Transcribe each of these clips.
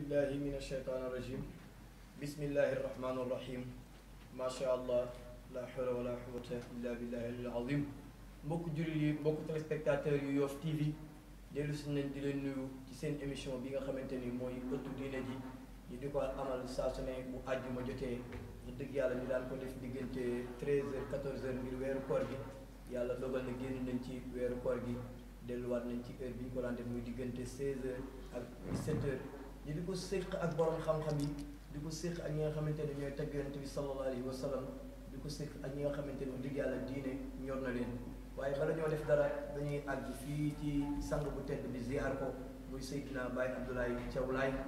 الله من الشيطان الرجيم بسم الله الرحمن الرحيم ما شاء الله لا حول ولا قوة إلا بالله العظيم بوك جولي بوك تلسبكتاتور يوف تي في ديلو سن ديلو نيو تي سين ايميشن بيغا خامتاني موي اوتو دينا دي ني ديكو عمل ساسوني بو اديو ما جوتي دك يالا ني دان كو ديف ديغنتي 13 14 غير وير كور دي يالا دوغال ني ген نان تي وير كور دي ديلو وات نان تي اير بي كولانتي موي ديغنتي 16 ak 17 te di ko séq ak borom xam-xam yi di ko séq ak ñi nga xamante ne ñooy tagg yonent bi sallallahu alayhi wa sallam di ko séq ak ñi nga xamante ne digg yàlla diine ñor na leen waaye bala ñoo def dara dañuy àgg fii ci sang bu tedd bi ziar ko muy Seydina Baye Abdoulaye Thiaw Laye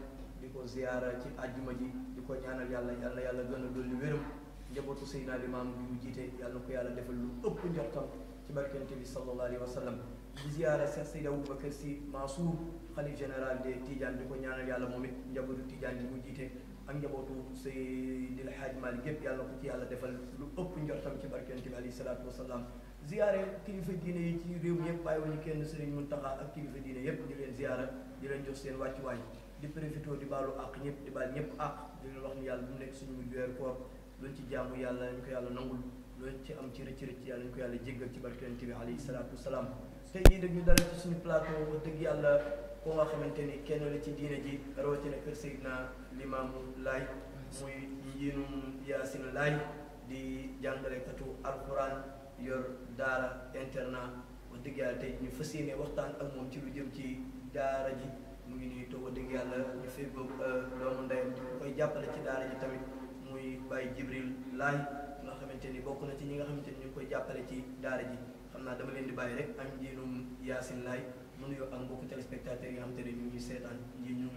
di ko ziara ci àjjuma ji di ko ñaanal yàlla yàlla yàlla gën a dolli wéram njabootu Seydina Limaam bi mu jiite yàlla ko yàlla defal lu ëpp njortam ci barkante bi sallallahu alayhi wa sallam di ziyaara Cheikh Seydi Aboubacar Sy Mansour xalif général de Tidiane di ko ñaanal yàlla moom it njabootu Tidiane di mu jiite ak njabootu Seydil Hadj Malick yépp yàlla ko ci yàlla defal lu ëpp njortam ci barkante bi alayhi salaatu wasalaam ziyaare kilifa diine yi ci réew mi yëpp bàyyiwuñu kenn Serigne Mountakha ak kilifa diine yëpp di leen ziyaara di leen jox seen wàccuwaay di profité di baalu àq ñëpp di ñëpp àq di leen wax ni yàlla bu nekk suñu mujj weer koor luñ ci jaamu yàlla ñu ko yàlla nangul am ci rëcc rëcc yàlla ñu ko yàlla jéggal ci barkante bi alayhi salaatu wasalaam te jii nag ñu dalal ci suñu plateau wax dëgg yàlla koo nga xamante ni kenn la ci diine ji rawatina kër na Limaamu Laay muy njiinum Yaasin Laay di jàngalekatu alquran yor daara internat wax dëgg yàlla tey ñu fas yéene waxtaan ak moom ci lu jëm ci daara ji mu ngi nii toog dëgg yàlla ñu fi boog euh, doomu ndeyam di koy jàppale ci daara ji tamit muy Baye Jibril Laay nga xamante ni bokk na ci ñi nga xamante ni ñu koy jàppale ci daara ji أنا dama len di baye rek am jinum yasin lay mu nuyo ak mbokk telespectateur yi nga xamantene ñu ngi setan ñi ñu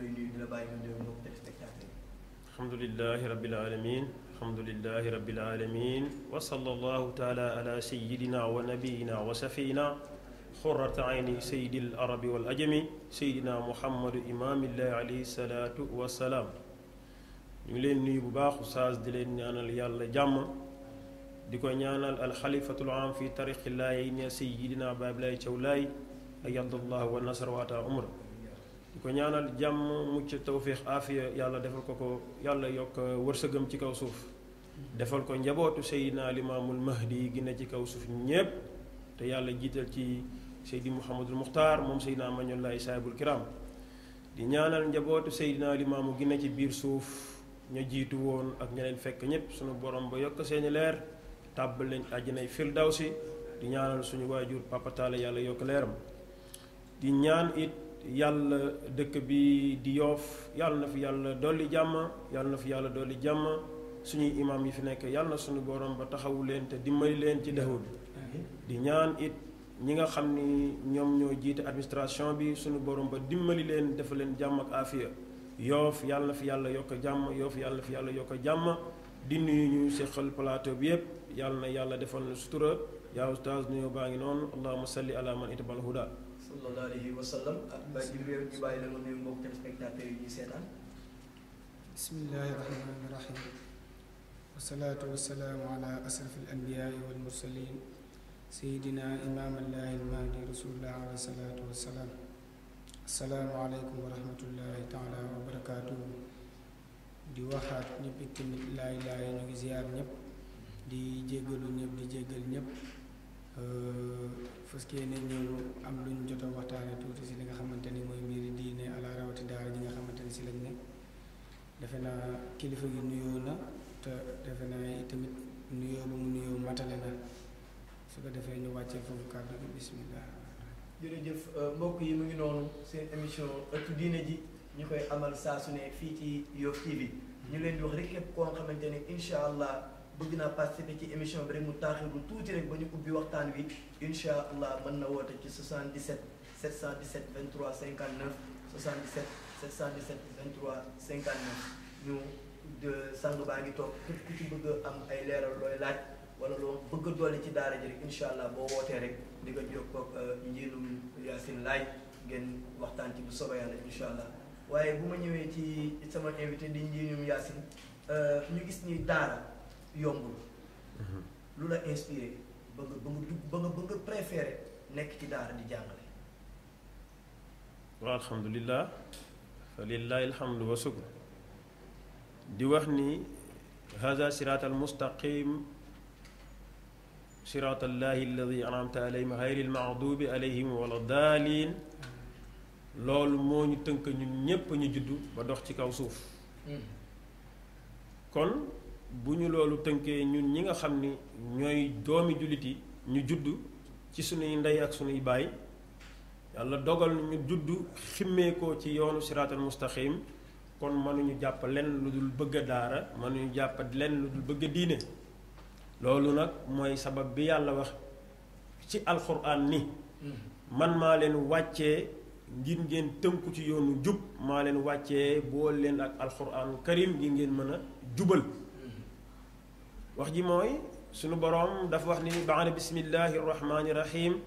الحمد لله رب العالمين الحمد لله رب العالمين وصلى الله تعالى على سيدنا ونبينا وسفينا خرة عين سيد العرب والأجم سيدنا محمد إمام الله عليه الصلاة والسلام يولين نيبو باخو ساز دلين نانا ليال جامع di ko ñaanal alxalifatul am fi tariqi laayeyni sayidina babilay thiaw laay ayadallah wa nasar wa ata umra di ko ñaanal jàmm mucc tawfiq aafiya yàlla defal ko ko yàlla yokk wërsëgam ci kaw suuf defal ko njabootu sayidina limaamul mahdi gi ne ci kaw suuf ñépp te yàlla jiital ci seydi muhammadul muxtaar moom sayidina mañullaay saahibul kiram di ñaanal njabootu sayidina limaamu gi ne ci biir suuf ña jiitu woon ak ña leen fekk ñépp sunu borom ba yokk seeni leer tàbbal leen àjjanay firdawsi di ñaanal suñu waajur papa taala yàlla yokk leeram di ñaan it yalla dëkk bi di yoof yàlla na fi yàlla dolli jàmm yàlla na fi yàlla dolli jàmm suñuy imam yi fi nekk yàlla na suñu borom ba taxawu leen te dimbali ci di ñaan it ñi nga xam ni ñoo jiite administration bi suñu borom ba dimbali leen dafa leen jàmm ak afiya yoof yàlla na fi yàlla yokk jàmm yoof na fi yàlla yokk jàmm di nuyu ñu seqal plateau bi yépp يالنا يالا ديفون سوتورا يا استاذ نيو باغي نون اللهم صل على من اتبع الهدى صلى الله عليه وسلم با جيبير دي باي لا نيو موك تيسبكتاتور دي سيتان بسم الله الرحمن الرحيم والصلاة والسلام على أسرف الأنبياء والمرسلين سيدنا إمام الله المهدي رسول الله عليه الصلاة والسلام السلام عليكم ورحمة الله تعالى وبركاته دي واحد نبي كلمة لا إله إلا الله di jéggalu ñëpp di jéggal ñëpp euh, fas yéene ñëw am lu ñu a waxtaane tuuti si li nga xamante ni mooy mbiri diine ala rawati daara ji nga xamante ni si lañ ne defe naa kilifa gi nuyoo na te defe naa tamit nuyoo bu mu nuyoo matale na su ko defee ñu wàccee foofu kàddu gi bismillah jërëjëf euh, mbokk yi mu ngi noonu seen émission ëttu diine ji ñu koy amal saa su ne fii ci Yoff TV ñu leen di wax rek koo xamante ne allah bëgg naa participer ci émission bi rek mu taaxirlu tuuti rek ba ñu ubbi waxtaan wi incha allah mën na woote ci 77 717 23 59 77 717 23 59 ñu sang baa ngi toog képp ku ci bëgg am ay leeral looy laaj wala loo bëgg a ci daara ji rek incha allah boo wootee rek di nga jokkoo ak euh, njiinum Yacine Laye ngeen waxtaan ci bu soobee yàlla incha allah waaye bu ma ñëwee ci sama invité di njiinum euh, ñu gis ni daara. yombul lu la inspiré ba nga ba nga dugg ba nga ba nga préféré nekk ci daara di jàngale waaw alhamdulilah fa lillahi alhamdu wa sukr di wax ni hada siraatal mustaqim صراط الله الذي أنعمت عليهم غير المغضوب عليهم ولا الضالين loolu moo ñu tënk ñun ñépp ñu juddu ba dox ci kaw suuf kon bu ñu loolu tënkee ñun ñi nga xam ni ñooy doomi jullit yi ñu judd ci sunuy ndey ak sunuy baay yàlla dogal ñu judd ximmeekoo ci yoonu siraatal mustaqim kon mënuñu jàpp lenn lu dul bëgg a daara mënuñu jàpp lenn lu dul bëgg diine loolu nag mooy sabab bi yàlla wax ci alxuraan ni man maa leen wàccee ngir ngeen tënku ci yoonu jub maa leen wàccee bool leen ak alxuraan karim ngir ngeen mën a jubal wax ji mooy sunu boroom dafa wax ni baana bismillahi rahmaani rahim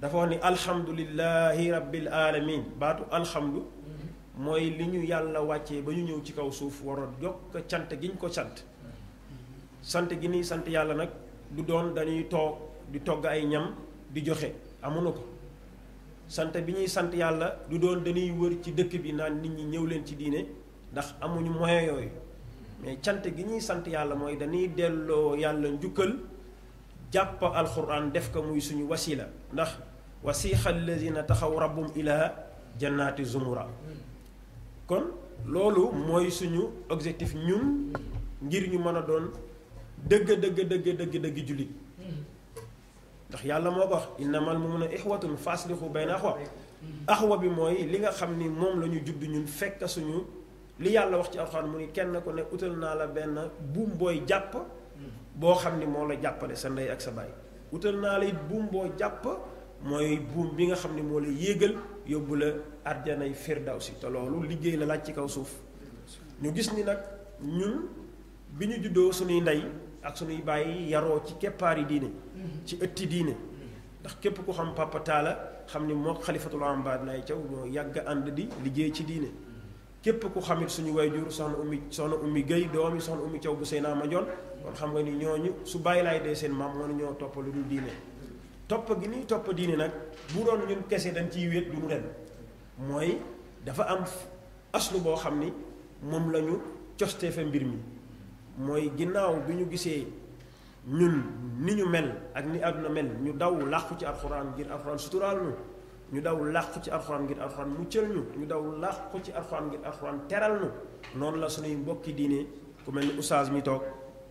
dafa wax ni alhamdulillahi rabbil alamin baatu alhamdu mooy li ñu yàlla wàccee ba ñu ñëw ci kaw suuf waroon yokk cant gi ñu ko sant sant gi ni sant yàlla nag du doon dañuy toog di togg ay ñam di joxe amuñu ko sant bi ñuy sant yàlla du doon dañuy wër ci dëkk bi naan nit ñi ñëw leen ci diine ndax amuñu moyen yooyu mais cant gi ñuy sant yàlla mooy dañuy delloo yàlla njukkal jàpp alxuraan def ko muy suñu wasila ndax wasiixa alladina taxaw rabbum ilaa jannaati zumura kon loolu mooy suñu objectif ñun ngir ñu mën a doon dëgg dëgg dëgg dëgg dëgg jullit ndax yàlla moo ko wax innamal mu'minuna ixwatun faslihu bayna axwa axwa bi mooy li nga xam ni moom la ñu ñun fekk suñu li yàlla wax ci alxuraan mu ni kenn ku ne utal naa la benn buum booy jàpp boo xam ni moo la jàppale sa ndey ak sa baay utal naa la it buum boo jàpp mooy buum bi nga xam ni moo la yéegal yóbbu la arjanay firdawsi te loolu liggéey la laaj ci kaw suuf ñu gis ni nag ñun bi ñu juddoo suñuy ndey ak suñuy bàyyi yaroo ci keppaari diine ci ëtti diine ndax képp ku xam Papa xam ni moo xalifatul ambaad nay caw ñoo yàgg ànd di liggéey ci diine képp ku xamit suñu waay wayjur soxna ummi soxna ummi Guèye doom yi soxna ummi Thiaw bu Seyna Mandione kon xam nga ni ñooñu su bàyyi laay dee seen maam mënu ñoo topp lu dul diine topp gi ñuy topp diine nag bu doon ñun kese dañ ciy wéet du mu dem mooy dafa am aslu boo xam ni moom lañu ñu mbir mi mooy ginnaaw bi ñu gisee ñun ni ñu mel ak ni àdduna mel ñu daw làqu ci alxuraan ngir alxuraan suturaal ñu ñu daw làqu ci alxuraan ngir alxuraan muccal ñu ñu daw làqu ci alxuraan ngir alxuraan teral ñu noonu la suñuy mbokki diine ku mel ni oustaz mi toog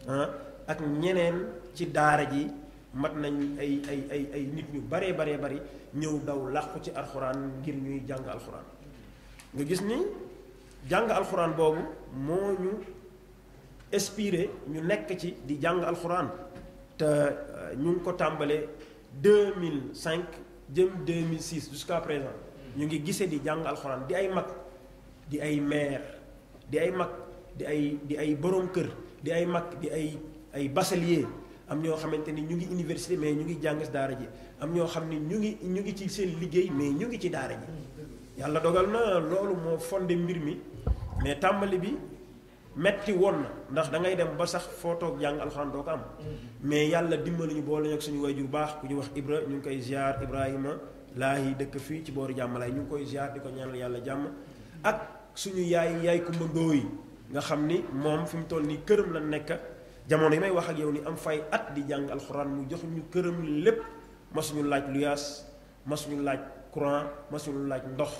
ah, ak ñeneen ci daara ji mat nañ ay ay ay nit ñu baree baree bari ñëw daw làqu ci alxuraan ngir ñuy jàng alxuraan nga gis ni jàng alxuraan boobu moo ñu inspiré ñu nekk ci di jàng alxuraan te euh, ñu ngi ko tàmbalee 2005 jëm 2006 jusqu'à présent ñu ngi gisee di jàng alxuraan di ay mag di ay maire di ay mag di ay di ay borom kër di ay mag di ay ay bachelier am ñoo xamante ni ñu ngi université mais ñu ngi jàng daara ji am ñoo xam ni ñu ngi ñu ngi ci seen liggéey mais ñu ngi ci daara ji yàlla dogal na loolu moo fonde mbir mi mais tàmbali bi metti woon na ndax dangay dem ba sax footoog toog jàng alxuraan doo ko am mais yàlla dimbali ñu boole ñu ak suñu bu baax ku ñu wax Ibra ñu ngi koy ziar Ibrahima laahi dëkk fii ci booru jàmmalaay ñu ngi koy ziar di ko ñaanal yàlla jàmm ak suñu yaay yaay kumba ndóoy nga xam ni moom fi mu toll nii këram la nekk jamono yi may wax ak yow ni am fay at di jàng alxuraan mu jox ñu këram lépp masuñu laaj luyaas masuñu laaj courant masuñu laaj ndox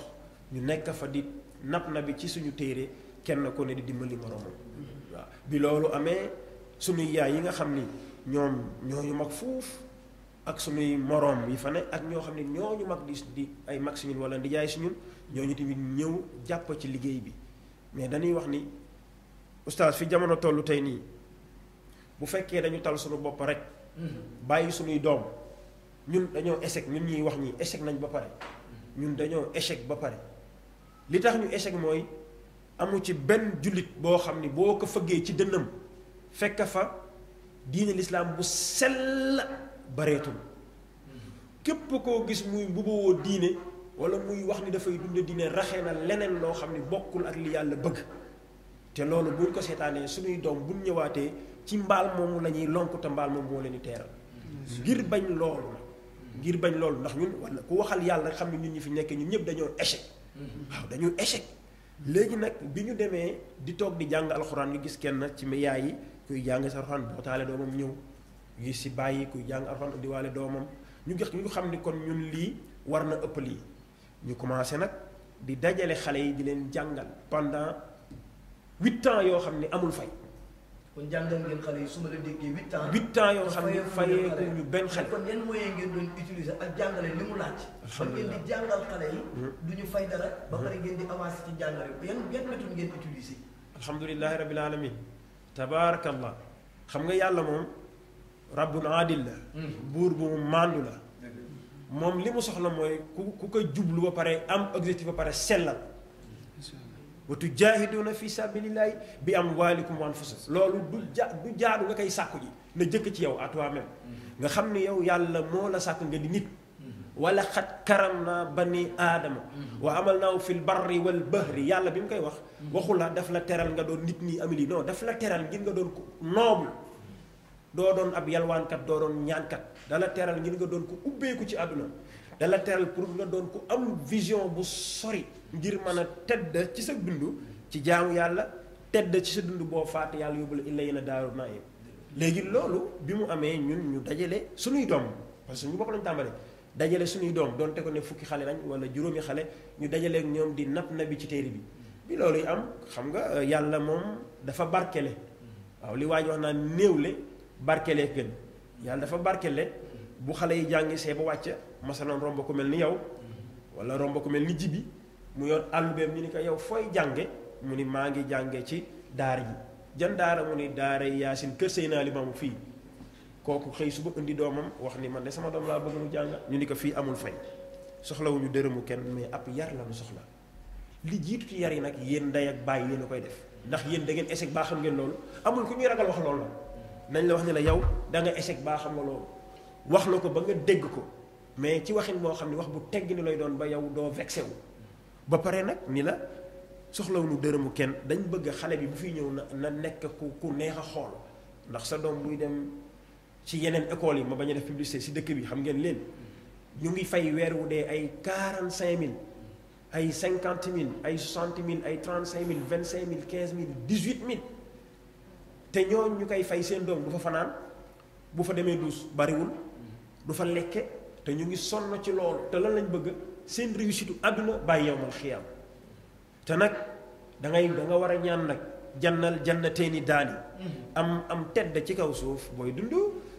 ñu nekk fa di nap na bi ci suñu téere kenn ku ne di dimbali moroomam waaw bi loolu amee sunuy yaay yi nga xam ni ñoom ñoo ñu mag fuuf ak sunuy moroom yi fa ne ak ñoo xam ne ñooñu mag di di ay mag si ñun wala di jaay si ñooñu tamit ñëw jàpp ci liggéey bi mais dañuy wax ni oustaz fi jamono tollu tey nii bu fekkee dañu tal suñu bopp rek bàyyi sunuy doom ñun dañoo échec ñun ñuy wax ñi échec nañ ba pare ñun dañoo échec ba pare li tax ñu échec mooy amu ci benn jullit boo xam ni boo ko fëggee ci dënnam fekk fa diine lislaam bu sell bareetul képp koo gis muy mbubboo diine wala muy wax ni dafay dund diine raxe na leneen loo xam ni bokkul ak li yàlla bëgg te loolu buñ ko seetaanee suñuy doom buñ ñëwaatee ci mbaal moomu lañuy ñuy lonk te mbaal moom moo leen teeral ngir bañ loolu ngir bañ loolu ndax ñun wala ku waxal yàlla xam ne ñun ñu fi nekk ñun ñëpp dañoo échec mm-hmm. waaw dañoo échec léegi nag bi ñu demee di toog di jàng alxuraan nga gis kenn ci média yi kuy jàng sa alxuraan bootaale doomam ñëw gis si bàyyi kuy jàng alxuraan diwaale doomam ñu gis ñu xam ni kon ñun lii war na ëpp lii ñu commencé nag di dajale xale yi di leen jàngal pendant huit ans yoo xam ni amul fay. kon jàngal ngeen xale yi su ma la déggee huit ans. huit yoo xam ne fayee ko ñu benn xale. kon yan moyen ngeen doon utiliser ak jàngale li mu laaj. ba ngeen di jàngal yi. Hmm. ñu fay dara. ba pare hmm. ngeen di avancer ci jàngale bi yan yan méthode ngeen utiliser. alhamdulilahi rabil alamin tabaarakallah xam nga yàlla moom rabbun aadil la. Hmm. buur bu mu màndu la. moom li mu soxla mooy ku ku ko jublu ba pare am objectif ba pare sellal. وتجاهدون في سبيل الله باموالكم وانفسكم لولو دو loolu دو ja du jaadu nga koy sàkku ji na jëkk nga xamni yow yàlla mo la sak nga di nit wala khat karamna bani adam wa amalna fi al barri wal bahri yàlla bim mu koy wax waxul la daf la teral nga doon nit ñi amili non daf la teral ngir nga don ku noble do don ab yalwan kat do don ñaan kat da la teral ngir nga don ko ubbe ko ci aduna da la teral pour nga don ko am vision bu sori ngir mën a tedd ci sa dund ci jaamu yàlla tedd ci sa dund boo faat yàlla yóbbu la illa yéen a daaru naa léegi loolu bi mu amee ñun ñu dajale suñuy doom parce que ñu bokk lañu tàmbale dajale suñuy doom doonte ko ne fukki xale nañ wala juróomi xale ñu dajaleeg ñoom di napp na bi ci téere bi bi loolu yi am xam nga euh, yàlla moom dafa barkele waaw li waa ji wax naan néewle barkelee gën yàlla dafa barkele bu xale yi jàngi see ba wàcc masalan romb ko ni yow mu yor allubeem ñu ni ko yow fooy jànge mu ni maa ngi jànge ci daar yi jan daara mu ni daara yaasin kër sëy naa limaamu fii kooku xëy suba indi doomam wax ni man de sama doom laa bëgg mu jàng ñu ni ko fii amul fay soxlawuñu dërëmu kenn mais ab yar la nu soxla li jiitu ci yar yi nag yéen nday ak bàyyi yéen koy def ndax yéen da ngeen échec baa xam ngeen loolu amul ku ñuy ragal wax loolu nañ la wax ne la yow da nga échec nga wax ko ba nga dégg ko mais ci waxin wax bu tegg ni lay doon ba yow doo vexé wu ba pare nag ni la soxlawuñu dërëmu kenn dañ bëgg xale bi bu fiy ñëw na na nekk ku ku neex a xool ndax sa doom buy dem ci yeneen école yi ma bañ a def publicité si dëkk bi xam ngeen leen ñu ngi fay weer wu dee ay quarante cinq mille ay cinquante mille ay soixante mille ay trente cinq mille vingt cinq mille quinze mille dix huit mille te ñoo ñu koy fay seen doom du fa fanaan bu fa demee duus bariwul du fa lekke te ñu ngi sonn ci lool te lan lañ bëgg seen réussite àdduna bàyyi yowmal xiyaam te nag dangay ngay nga war a ñaan nag jannal jannateeni daani mm-hmm. am am tedd ci kaw suuf booy dund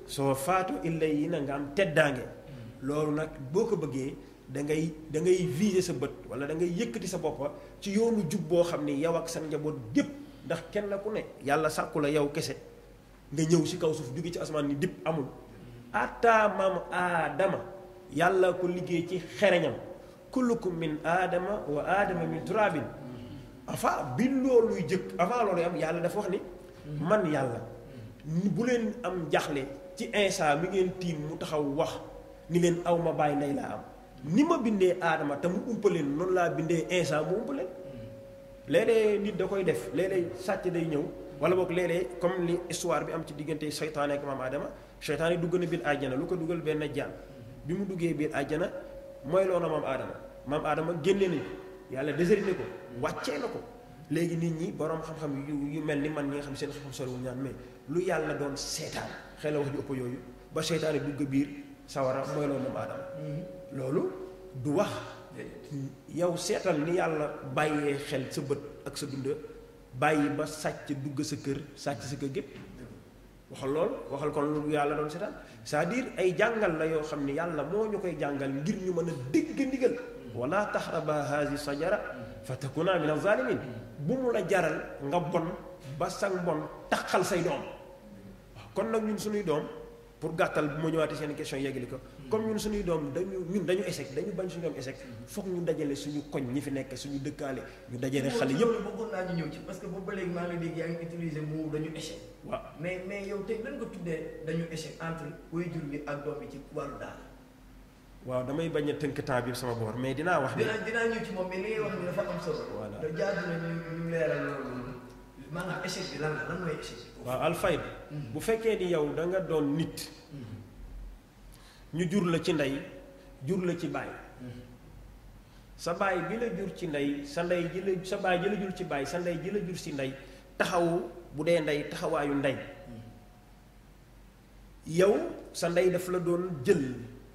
soo faatu illa yi na nga am teddaange mm-hmm. loolu nag boo ko bëggee da ngay da ngay sa bët wala da ngay yëkkati sa boppa ci yoonu jub boo xam ni yow ak sa njaboot gépp ndax kenn ku ne yàlla sàkku la yow kese nga ñëw si kaw suuf jóge ci asamaan ni dip amul mm-hmm. ataa maam aadama yàlla ko liggéey ci xereñam kullukum min aadama wa aadama min turabin avant bi looluy jëkk avant loolu am yàlla dafa wax ni man yàlla ni bu leen am jaxle ci instant mi ngeen tiim mu taxaw wax ni leen aw ma bàyyi ndey laa am ni ma bindee aadama te mu umpaleen noonu laa bindee insa mu umpaleen léeg nit da koy def léeg-léeg sàcc day ñëw wala boog léeg comme li histoire bi am ci diggante seytaane ak maam aadama seytaane dugg na biir àjjana lu ko dugal benn jaan bi mu duggee mooy loo na maam aadama maam aadama génne nañ yàlla déshérité ko wàccee na ko léegi nit ñi borom xam-xam yu mel ni man ñi nga xam seen xam-xam soriwul ñaan mais lu yàlla doon seetaan xel na wax ju ëpp yooyu ba seetaane dugg biir sawara mooy na maam mm-hmm. loolu du wax yow seetal ni yàlla bàyyee xel sa bët ak sa dund bàyyi ba sàcc dugg sa kër sàcc sa kër gépp waxal lool waxal kon lu yàlla doon seetaan c'est-à-dire ay jàngal la yoo xam ne yàlla moo ñu koy jàngal ngir ñu mën a dégg ndigal wala taxraba haasi sajara fa takuna min azalimin bu mu la jaral nga bon ba sang bon taxal say doom kon nag ñun suñuy doom pour gàttal bu ma ñëwaatee seen question yeggali ko comme ñun suñuy doom dañu ñun dañu échec dañu bañ suñu doom échec foog ñu dajale suñu koñ ñi fi nekk suñu dëkkaale ñu dajale xale yëpp bëggoon naa ñu ñëw ci parce que boobu ba léegi maa ngi dégg yaa ngi utilisé mot dañu échec waaw mais tuddee dañu échec entre waajur bi ak doom bi ci wàllu daal waaw damay bañ a tënk temps bi sama boor mais dinaa wax ne dinaa ñëw ci moom mais li wax ni dafa am solo voilà jaadu na ñu leeral loolu maanaam échec bi lan la lan mooy échec waaw alfayda mm-hmm. bu fekkee ni yow danga doon nit mm-hmm. ñu jur la ci ndey jur la ci baay mm-hmm. sa baay bi la jur ci ndey sa ndey ji la sa baay ji la jur ci baay sa ndey ji la jur ci ndey taxawu bu dee ndey taxawaayu ndey yow sa ndey daf la doon jël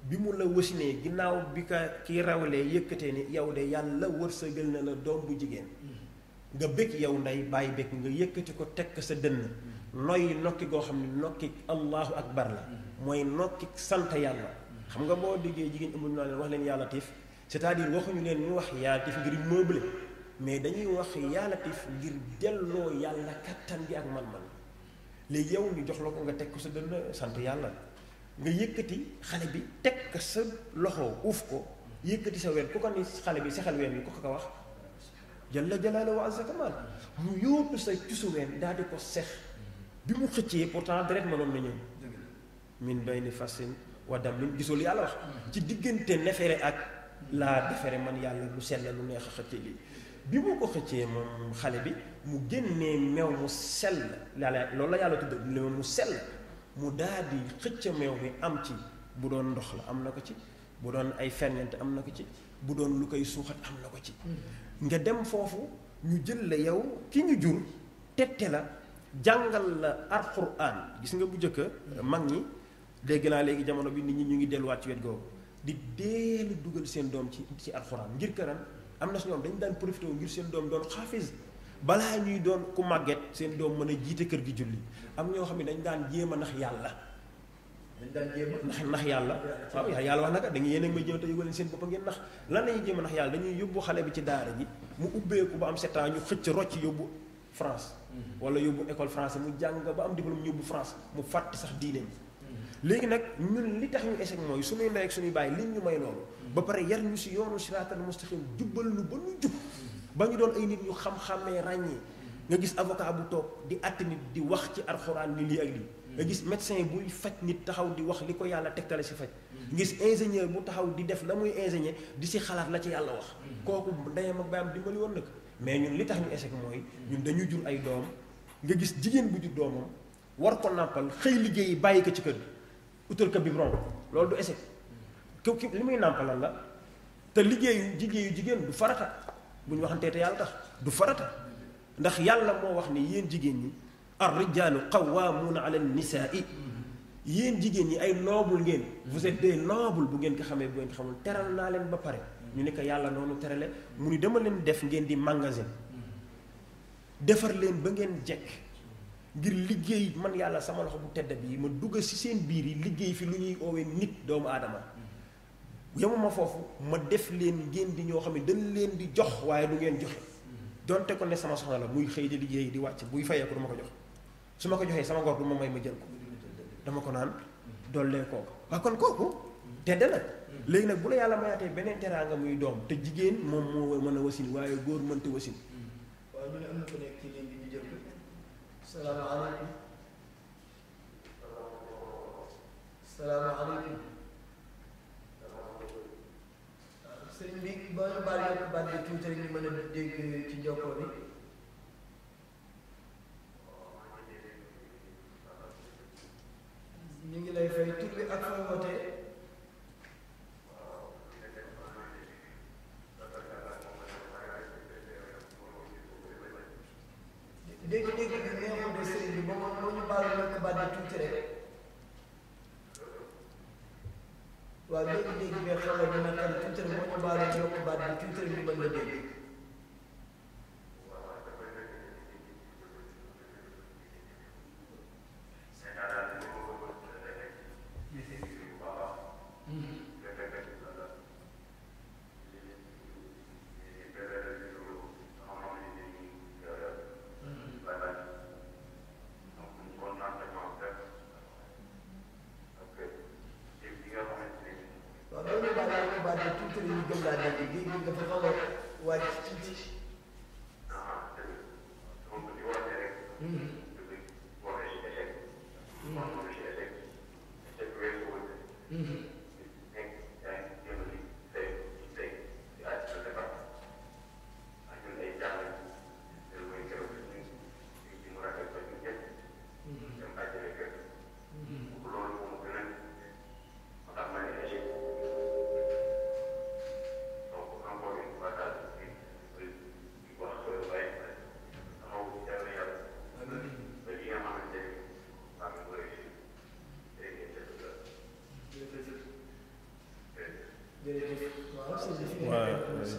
bi mu la wasinee ginnaaw bi ka ki rawalee yëkkatee ni yow de yàlla wërsëgal na la doom bu jigéen nga bëgg yow ndey bàyyi bëgg nga yëkkati ko teg sa dënn noyyi nokki goo xam ne nokki allahu akbar la mooy nokki sant yàlla xam nga boo déggee jigéen ëmb naa leen wax leen yàlla tif c'est-à-dire waxuñu leen ñu wax yàlla tif ngir meubler mais dañuy wax yàlla tif ngir delloo yàlla kattan gi ak man-man léegi yow ñu jox la ko nga teg ko sa dënn sant yàlla nga yëkkati xale bi teg ko sa loxo uuf ko yëkkati sa ween ku ko ni xale bi sexal ween bi ku ko ko wax jalla jalaala wa azza mu yóotu sa cusu ween daal di ko sex bi mu xëccee pourtant deret mënoon na ñëw min bay ni fasin waddam lu gisul yàlla wax ci diggante nefere ak laa defere man yàlla lu sell lu neex a xëcce lii bi mu ko xëccee moom xale bi mu génnee meew mu sell lala loolu la yàlla tudd meew mu sell mu daal di xëcc meew mi am ci bu doon ndox la am na ko ci bu doon ay ferñeent am na ko ci bu doon lu koy suuxat am na ko ci hmm. nga dem foofu ñu jël la yow ki ñu jur tette la jàngal la alxuraan gis nga bu njëkk mag ñi dégg naa léegi jamono bi nit ñi ñu ngi delluwaat ci wet googu di deelu dugal seen doom ci ci alxuraan ngir këram am na si ñoom dañ daan profité ngir seen doom doon xaafis balaa ñuy doon ku màgget seen doom mën a jiite kër gi julli am ñoo xam ne dañ daan jéem a nax yàlla dañ daan jéem a nax nax yàlla waaw yàlla wax naka da nga yéen a may jéem te a leen seen bopp ngeen nax lan lañuy jéem a nax yàlla dañuy yóbbu xale bi ci daara mu ubbeeku ba am sept ans ñu xëcc rocc yóbbu France Mm-hmm. wala yóbbu école français mu jàng ba am diplôme yóbbu France mu fàtt sax diineem mm-hmm. léegi nag ñun li tax ñu échec mooy suñuy ndey ak suñuy bàyyi liñ ñu may loolu mm-hmm. ba pare yar ñu si yoonu siraatal mustaqim jubbal nu ba ñu jub ba ñu doon ay nit ñu xam-xamee ràññee nga gis avocat bu toog di àtt nit di wax ci alxuraan ni lii ak lii nga gis médecin buy faj nit taxaw di wax li ko yàlla tegtale si faj nga gis ingénieur bu taxaw di def la muy ingénieur di si xalaat la ci yàlla wax kooku ndeyam ak baayam dimbali woon nag mais ñun li tax ñu échec mooy ñun dañu jur ay doom nga gis jigéen bu jur doomam war ko nàmpal xëy liggéeyi bàyyi ko ci kër gi utal ko biberon loolu du échec képp képp li muy nàmpalal la te liggéeyu liggéeyu jigéen du farata bu ñu waxantee te yàlla tax du farata ndax yàlla moo wax ni yéen jigéen ñi ar rijaalu qawwaamuuna ala nisaa yéen jigéen ñi ay noble ngeen vous êtes des nobles bu ngeen ko xamee bu ngeen ko xamul teral naa leen ba pare ñu ne ko yàlla noonu terale mu ni dama leen def ngeen di magasin defar leen ba ngeen jekk ngir liggéey man yàlla sama loxo bu tedd ma dugg ci seen biir yi liggéey fi lu ñuy oowee nit doomu aadama yemuma foofu ma def leen ngeen di ñoo xam ne dañ leen di jox waaye du ngeen joxe donte ko ne sama soxna la muy xëy di liggéey di wàcc buy fayee ko du ko jox su ma ko joxee sama gor du may ma jël ko dama ko naan dollee kooku waaw kon kooku tedd na léegi nag bu la yàlla mayaatee beneen teraanga muy doom te jigéen moom moo mën a wasin waaye góor mënta wasin waaw ñu ne am na ko nekk ci ligne bi ñu jël salaamaaleykum salaamaaleykum sëriñ bi ba ñu baal yëpp baal tuuti rek mën a dégg ci jokkoo bi ñu ngi lay fay tur bi ak foo bi neexul de sëriñ bi ba moom moo ñu baalu nag bàddi tuuti rek waaw dégg-dégg bi xaw a dina kan tuuti rek moo ñu baalu yokk bàddi tuuti rek ñu mën la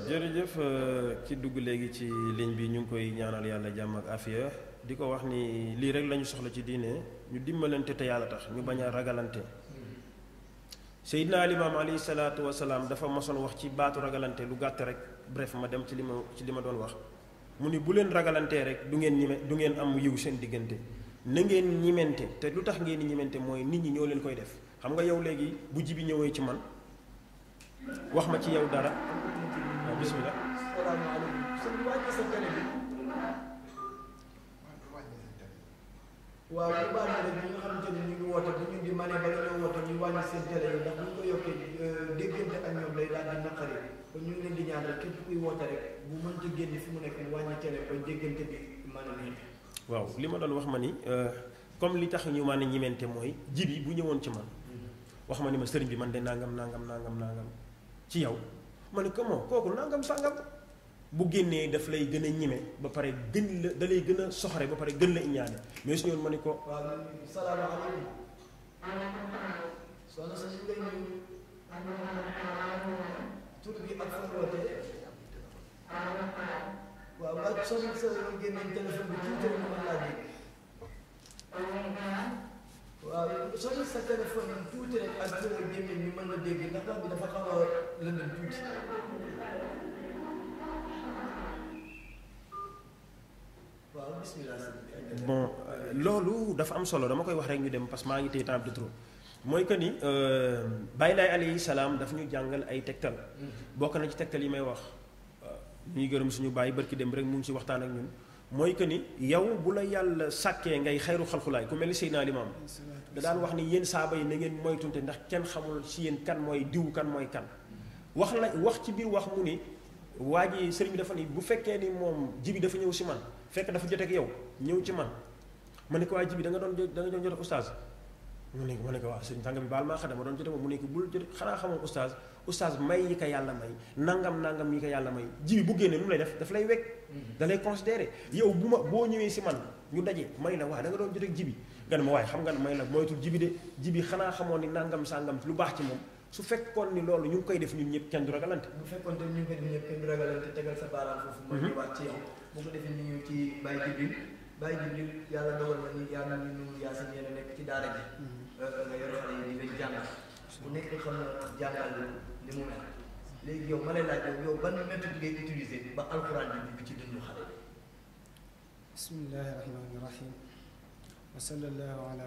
jërëjëf ci euh, dugg léegi ci ligne bi ñu ngi koy ñaanal yàlla jàmm ak afiya di ko wax ni lii rek lañu soxla ci diine ñu dimbalante te yàlla tax ñu bañ a ragalante Seydina Limaam alayhi salaatu salaam dafa mosoon wax ci baatu ragalante lu gàtt rek bref ma dem ci li ma ci li ma doon wax mu ni bu leen ragalantee rek du ngeen ñime du ngeen am yiw seen diggante na ngeen ñimente te lu tax ngeen di ñimente mooy nit ñi ñoo leen koy def xam nga yow léegi bu jibi ñëwee ci man wax ma ci yow dara bisimilah. salaamaaleykum sëñ bi wàññi sa télé bi. waaw bu baax la ñi nga xamante ni ñu ngi woote bu ñu di mane ba la ñoo woote ñu wàññi seen télé yi ndax bu ko yokkee déggante ak ñoom lay daal di naqari kon ñu leen di ñaanal képp kuy woote rek bu mënti génn fi mu nekk mu wàññi télé ba déggante bi mën a nekk. waaw li ma doon wax ma ni euh, comme li tax ñu mën a ñimente mooy ji bu ñëwoon ci man. wax ma ni ma sëriñ bi man de nangam nangam nangam nangam ci yow. ma ne ko moom kooku nangam sàngam bu génnee daf lay gën a ñime ba pare gën la da gën a soxore ba pare gën la iñaane mais su ñëwoon ma ne ko. waaw man salaamaaleykum. soxna si ngay sa génne téléphone bi tuuti rek ma laaj soalnya soo jël sa téléphone yi tuuti rek ak jël gémmiñ ñu mën la dégg ndax wax bi dafa bon euh, loolu dafa am solo dama koy wax rek ñu dem parce que ngi téye temps de trop mooy que ni euh, bàyyi laay alayhi salaam daf ñu jàngal ay tegtal mm-hmm. bokk na ci tegtal yi may wax euh, ñuy gërëm suñu barki dem rek mu ngi ci waxtaan ak ñun mooy que ni yow bu la yàlla sàkkee ngay xayru xalxulaay ku mel ni Seydina Limaam da daan wax ni yéen saaba yi na ngeen moytunte ndax kenn xamul si yéen kan mooy diw kan mooy kan wax na wax ci biir wax mu ni waa ji sëriñ bi dafa ni bu fekkee ni moom jibi dafa ñëw si man fekk dafa jotee ak yow ñëw ci man ma ne ko waa jibi da nga doon da nga doon jotee ustaaz mu ne ko ma ne ko waa sëriñ tàngam bi baal maa xam dama doon jotee moom mu ne ko bul jotee xanaa xamoon ustaaz oustaz may yi ko yàlla may nangam nangam yi ko yàlla may jibi bu génnee nu mu lay def daf lay wekk mhm. da lay considéré yow bu ma boo ñëwee si man ñu daje may la waaye da nga doon jot ak jibi nga ne ma waaye nga ne may la moytul jibi de jibi xanaa xamoon ni nangam sàngam lu baax ci moom su fekkoon ni loolu ñu ngi koy def ñun ñëpp kenn du ragalante. bu fekkoon ne ñu ngi koy def ñëpp kenn du ma mhm. ñëwaat ci yow bu ko defee ñu ñëw ci Baye Djibril na na ñu yaasin yéen a nekk ci daara ji. Mhm. Euh, nga yor xale yi di jàngal. bu li léegi yow ma lay laaj yow yow ban méthode ngay utiliser ba alxuraan bi dugg ci dund xale bi bismillahi rahmaani rahim wa sallallahu ala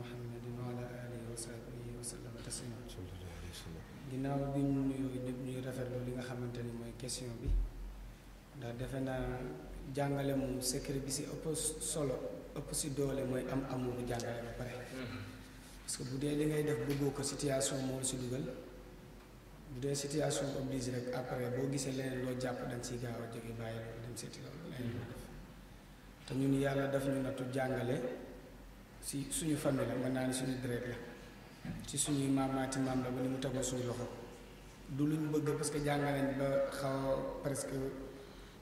muhammadin wa ala alihi wa sahbihi wa sallam taslima ginnaaw bi ñu nuyoo ñëpp ñuy rafetlu li nga xamante ni mooy question bi ndax defe naa jàngale moom secret bi si ëpp solo ëpp si doole mooy am amubu jàngale ba pare mm-hmm. parce bu dee li ngay def bëggoo ko situation moo si dugal bu dee situation oblige rek après boo gisee leneen loo jàpp dañ si gaaw a jóge bàyyi loolu dem seeti loolu leneen loo le te ñun yàlla daf ñu nattu jàngale si suñu famille la mën naa ni suñu deret la ci suñuy maamaati maam la ba ni mu tegoo suñu loxo du luñ bëgg parce que jàng nañ ba xaw presque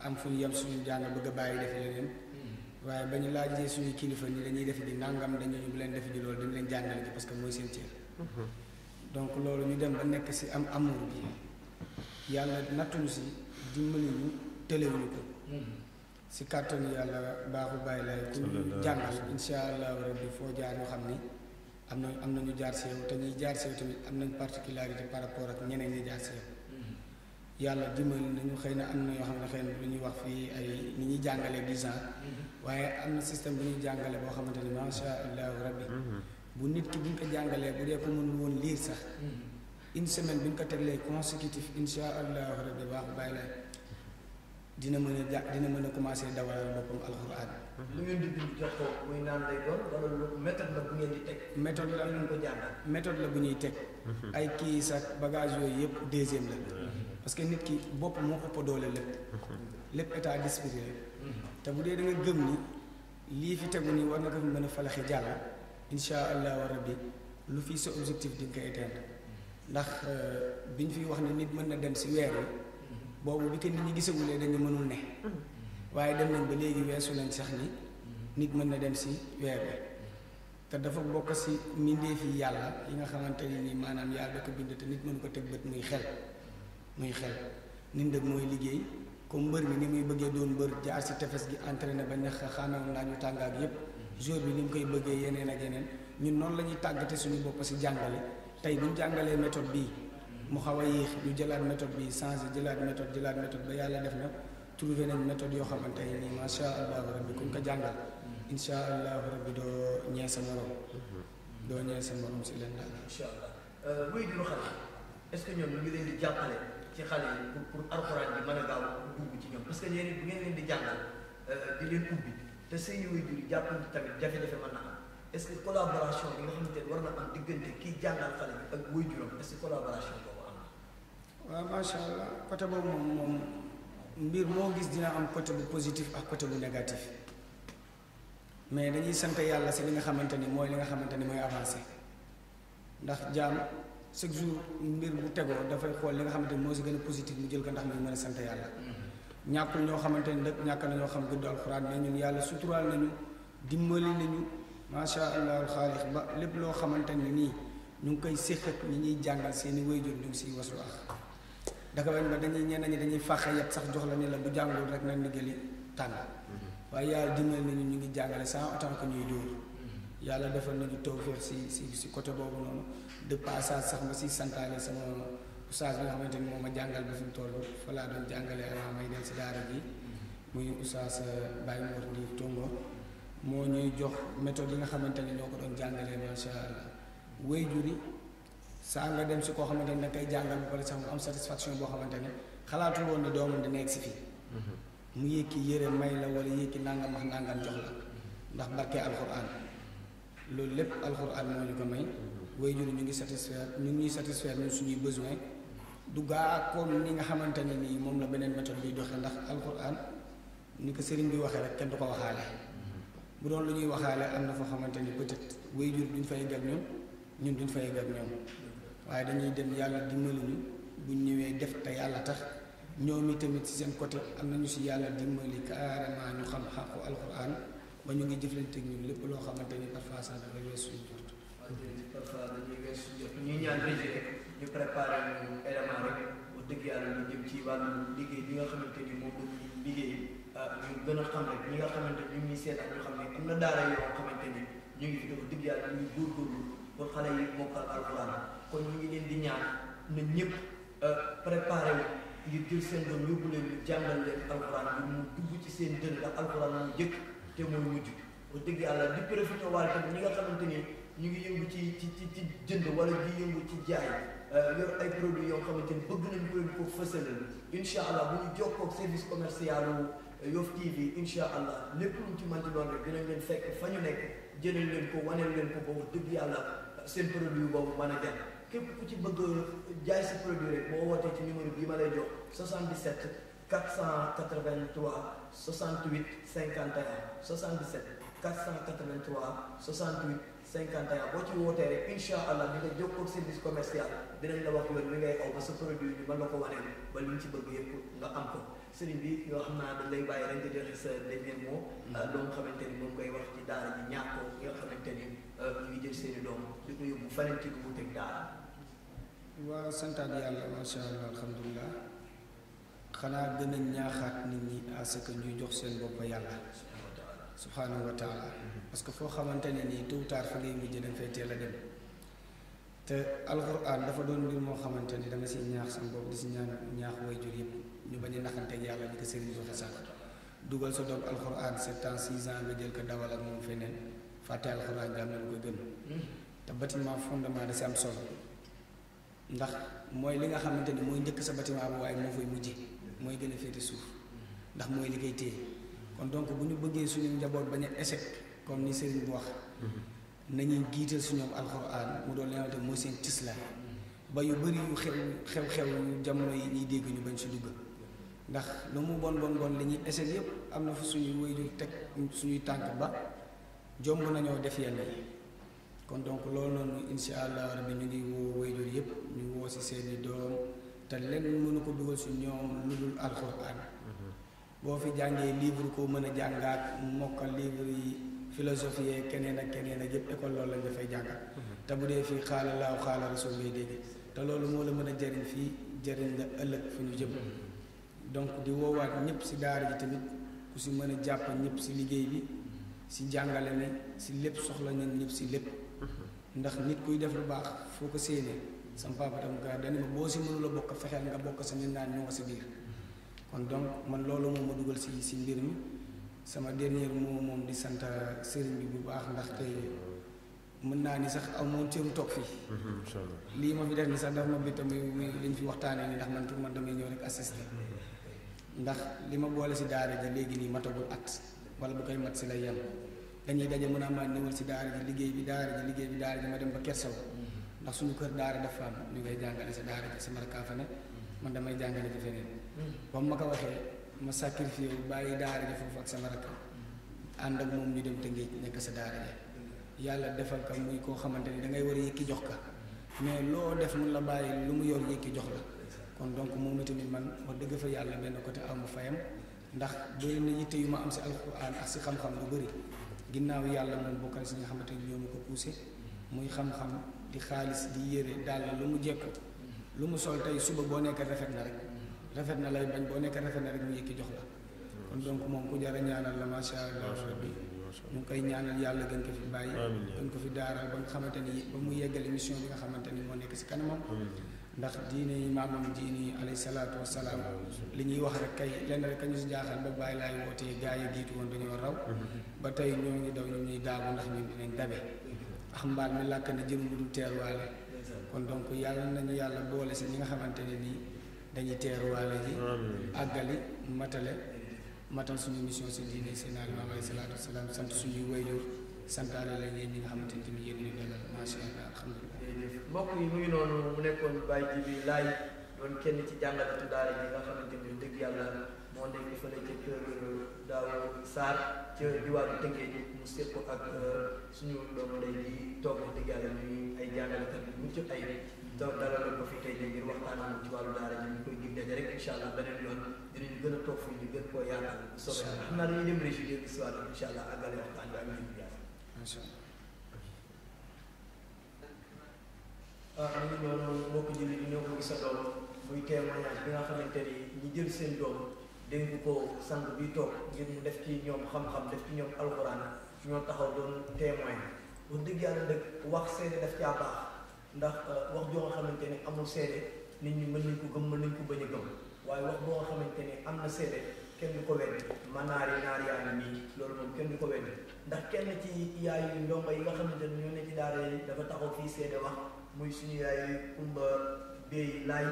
am fu ñu yem suñu jàng bëgg a bàyyi def leneen mm. waaye ba ñu laajee suñu kilifa ni dañuy def di nangam dañu ñu leen def di loolu dañ leen jàngale ji parce que mooy seen cër mm-hmm. donc loolu ñu dem ba nekk ci am amour bi yàlla nattuñu ci dimbali ñu tëlewuñu ko ci kàttanu yàlla baaxu bàyyi lay ku ñu jàngal insha allah rabbi foo jaar ñu xam ni am na am na ñu jaar ci yow te ñuy jaar ci yow tamit am nañ particularité par rapport ak ñeneen ñi jaar ci yow yàlla dimbali nañu xëy na am na yoo xam ne xëy na lu ñuy wax fii ay ni ñuy jàngalee dix ans mm-hmm. waaye am na système bi ñuy jàngale boo xamante ni macha allahu rabbi mm-hmm. bu nit ki buñ ko jàngalee bu dee ko mën woon liir sax une semaine bi buñ ko teglee consécutif insha allahu rabbi baax bàyyi la dina mën a jà- dina mën a commencé dawalal boppam alxuraan lu ngeen di bind jox ko muy naan lay doon wala lu la bu ñuy teg ay kii sax bagage yooyu yëpp deuxième parce que nit ki bopp moo ëpp doole lépp lépp état d'esprit mm-hmm. te bu dee danga nga gëm ni lii fi tegu nii war nga ko mën a falaxe jàll insha allah rabbi lu fi sa objectif di nga koy atteindre ndax eh, biñ fi wax ne nit mën na dem si weer wi boobu bi ko nit ñi gisagule dañu mënul ne waaye dem nañ ba léegi weesu nañ sax ni nit mën na dem si weer wi te dafa bokk si mindeef yi yàlla yi nga xamante ni nii maanaam ko bind te nit mën ko teg bët muy xel muy xel nit nag mooy liggéey comme mbër mi ni muy bëggee doon mbër jaar si tefes gi entraîné ba ñax xaamewum naa ñu yépp jour bi ni mu koy bëggee yeneen ak yeneen ñun noonu la ñuy tàggate suñu bopp si jàngale tey bu ñu jàngalee méthode bii mu xaw a yéex ñu jëlaat méthode bii changé jëlaat méthode jëlaat méthode ba yàlla def na trouvé nañ méthode yoo xamante ne nii macha allah rabbi kuñ ko jàngal incha allah rabbi doo ñee sa morom doo ñee sa morom si leen daal. incha allah muy di lu xale est-ce que ñu ngi leen di jàppale ci xale pour pour alxuraan bi a gaaw dugg euh, leen ubbi. te seeni waajur yi di tamit jafe-jafe mën na am est-ce que collaboration bi nga xamante ne war na am diggante kii jàngal xale bi ak waajuram est-ce que collaboration boobu am na. waaw macha allah côté boobu moom moom mbir moo gis dina am côté bu positif ak côté bu négatif mais dañuy sant yàlla si li nga xamante ni mooy li nga xamante ni mooy avancé ndax jaan chaque jour mbir bu tegoo dafay xool li nga xamante ni moo si gën a positif mu jël ko ndax muy mën sant yàlla. Mm-hmm. ñàkkul ñoo xamante nyakal nag ñàkk na ñoo xam gëdd alquran mais ñun yàlla suturaal nañu dimbali nañu allah alxaalix ba lépp loo xamante nungkai nii ñu ngi koy séq ak ñi ñuy jàngal seen i wayjur ñu ngi siy wasu ak daka bañ ba dañuy ñenn ñi dañuy fàqe yat sax jox la ni la bu jàngul rek na waaye yàlla dimbali nañu ñu ngi jàngale sans autant que ñuy dóor yàlla defal nañu si si si côté boobu noonu de passage sax ma si sama oustaz bi nga xamante ni moom ma jàngal bi suñu mu toll fa laa doon jàngalee avant may dem si daara bi muy oustaz euh, Baye Mor di Tongo moo ñuy jox méthode yi nga xamante ni ñoo ko doon jàngalee macha allah wéy juri saa nga dem si koo xamante ni da koy jàngal ba pare sax mu am satisfaction boo xamante ni xalaatul woon ne doomam di nekk si fii mm-hmm. mu yëkki yére may la wala yëkki nangam wax nangam jox la ndax barke alxuraan loolu lépp alxuraan moo ñu ko may mm-hmm. wéy j ñu ngi satisfaire ñu ngi satisfaire ñun suñuy du gaakoon ni nga xamante ne nii moom la beneen méthode bi doxe ndax alquran ni ko sëriñ bi waxee rek kenn du ko waxaale bu doon lu ñuy waxaale am na foo xamante ni peut être way jur duñ fay gag ñoom ñun duñ fay gag ñoom waaye dañuy dem yàlla dimbali ñu buñ ñëwee def te yàlla tax ñoom itamit si seen côté am nañu si yàlla dimbali carrément ñu xam xàqu alquran ba ñu ngi jëflante ak ñun lépp loo xamante ni parfois sax dafa wees suñu jot. parfois dañuy wees suñu jot ñaan rek ñu préparé ñu élément rek wax dëgg yàlla ñu jëm ci wàllu liggéey bi nga xamante ni moom la liggéey ah, ñu gën a xam rek ñi nga xamante ni ñu ngi seet ak xam ne am na daara yoo ni ñu ngi fi dafa dëgg yàlla ñu ngi góorgóorlu ba xale yi mokkal alxuraan kon ñu ngi leen di ñaan na ñëpp ah, préparé ngir jël seen doom yóbbu ñu jàngal leen alxuraan bi ci seen dënn ndax alxuraan mu jëkk te mooy mujj wax dëgg yàlla di profité waale tamit ñi nga xamante ni ñu ngi yëngu ci ci ci jënd wala di yëngu ci jaay Euh, yor ay produit yoo xamante ni bëgg nañ koy ko fësalal incha allah bu ñu jokkoo ak service commercial euh, Yoff TV incha allah lépp luñ ci manti doon rek dinañ leen fekk fa ñu nekk jëlee leen ko waneel leen ko boobu dëgg yàlla seen produit boobu mën a dem képp ku ci bëgg euh, jaay si produit rek boo wootee ci numéro bii ma lay jox 77 483 68 51 77 483 68 51 boo ci wootee rek incha allah di nga jokkoo ak service commercial. dinañ la wax yoon wi ngay aw ba sa produit bi mën na ko wane ba li ñu ci bëgg yëpp nga am ko sëriñ bi yoo xam naa dañ lay bàyyi rek nga joxe sa dernier mot mm-hmm. euh, xamante ni moom koy wax ci daara ji ñàkk ko yoo xamante ni ñu euh, ngi jël seen doom di ko yóbbu faneen ci bu teg daara waaw santaat yàlla macha allah alhamdulilah xanaa gën a ñaaxaat nit ñi à que ñuy jox seen bopp yàlla subhaanahu wa taala mm-hmm. parce que foo xamante ne nii tôt ou tard fa ngay mujj dañ fay te alxuraan dafa doon mbir moo xamante ni dama si ñaax sama bopp di si ñaan ñaax waajur yëpp ñu bañ a naxante ak yàlla ni ko sëriñ bi sax dugal sa doom alxuraan sept ans six ans nga jël ko dawal moom feneen fàtte alxuraan nga am na te bâtiment fondement da si am solo ndax mooy li nga xamante ni mooy njëkk sa bâtiment bi ay moo fay mujje mooy gën a féete suuf ndax mooy li koy téye kon donc bu ñu bëggee suñu njaboot bañ a échec comme ni sëriñ bu wax nañuy giital su ñoom alxuraan mu doon leen te mooy seen tislaa ba yu bëri yu xew xew-xew jamono yi ñuy dégg ñu bañ si dugg ndax lu mu bon bon bon li ñuy essai yëpp am na fa suñuy wéyju teg suñuy tànk ba jomb nañoo def yenn yi kon donc loolu noonu insha allah rabbi ñu ngi woo wéyjur yëpp ñu woo si seeni doom te lenn mënu ko dugal si ñoom lu dul alxuraan mm-hmm. boo fi jàngee livre ko mën a jàngaat mokkal livre yi philosophie keneen ak keneen ak yëpp école loolu lañ dafay jàngal mhm. te bu dee fii xaala laaw xaala rasul ngay dégg te loolu moo la mën a jariñ fii jëriñ la ëllëg fu ñu jëm mhm. donc di woowaat ñëpp si daara ji tamit ku si mën a jàpp ñëpp si liggéey bi si jàngale ne si lépp soxla nañ ñëpp si lépp mhm. ndax nit kuy def lu baax foo ko séenee sama papa tam gaa dani ma boo si mënula bokk fexeel nga bokk sa nit naan ñoo si biir kon donc man loolu moo dugal si si mbir mi sama dernier mot moom di sant sëriñ bi bu baax ndaxte mën naa ni sax amoon cëru toog fii. Mhm, incha allah lii ma fi def ni sax daf ma bi tamit muy liñ fi waxtaanee ni ndax man pour man damay ñëw rek assister. Mhm. ndax li ma boole si daara ja léegi nii matagul at wala bu koy mat si lay yem dañuy daje mën a maa ñëwal si daara ji liggéey bi daara ji liggéey bi daara ji ma dem ba kersaw mhm. ndax suñu kër daara dafa am ñu ngay jàngale si daara ji si Marakaafane man damay jàngale ci feneen ba mu ma ko waxee. ma sacrifié wu bàyyi daara ja foofu ak sama rakk ànd ak moom ñu dem Tëngéej nekk sa daara ja yàlla defal ka muy koo xamante ni da ngay war a yëkki jox ka mais loo def mun la bàyyi lu mu yor yëkki jox la kon donc moom itamit man ma dëgg fa yàlla benn côté amu fayam ndax bëri na yitte yu ma am si alquran ak si xam-xam lu bëri ginnaaw yàlla moom bokk na si nga xamante ni ñoo ma ko poussé muy xam-xam di xaalis di yére daal lu mu jekku lu mu sol tey suba boo nekk rafet na rek. rafet na lay bañ boo nekk rafet na rek mu yëkki jox la kon donc moom ku jara ñaanal la macha allah rabbi ñu ngi koy ñaanal yàlla gën ko fi bàyyi gën ko fi daaral ba nga xamante ni ba mu yeggal émission bi nga xamante ni moo nekk si kanamam ndax diine yi maamam diine yi alayhi salaatu wasalaam li ñuy wax rek kay lenn rek ñu si jaaxal ba bàyyi laay wootee gars yi jiitu woon dañoo raw ba tey ñoo ngi daw ñu ñuy daagu ndax ñun dinañ dabe ax mbaat mi làkk na jëm mu dul teerwaale kon donc yàlla nañu yàlla boole si ñi nga xamante ne dañuy teeruwaale ji àggali matale matal suñu mission si diine si naan maam salaatu wasalaam sant suñuy wayjur santaale la yéen ñi nga xamante ni yéen ñu dalal macha yi muy noonu nekkoon Baye Djibi Laye doon kenn ci jàngalatu daara yi nga xamante ni dëgg yàlla moo nekk fële ca kër euh, daaw Sarr ca diwaanu Tëngéej ji mu séq ak euh, suñu doomu ndey di toog dëgg yàlla ñuy ay jàngalekat yu mucc ay dalal ko fi tey ngir waxtaan ci wàllu daara ji ñu koy gib rek incha allah beneen yoon dinañ gën a toog fii ñu gën koo yaatal bu soobee yàlla xam dem allah àggale waxtaan bi ak ah ñu noonu mbokk julli di ñëw ko gisa doom muy témoignage bi nga ñi jël seen doom ko sang bi toog ngir mu def ci ñoom xam-xam def ci ñoom alquran ñoo taxaw doon témoin bu dëgg dëgg wax seen def baax ndax euh, wax joo nga xamante ne amul seede nit ñi mën nañ ko gëm mën nañ ko bëñ a gëm waaye wax boo nga xamante ne am na seede kenn du ko weddi ma naari naari yaa ngi nii loolu moom kenn du ko weddi ndax kenn ci yaayu ndongo yi nga xamante ne ñoo ne ci daar yi dafa taxaw fii seede wax muy suñu yaayu Kumba Bey Laay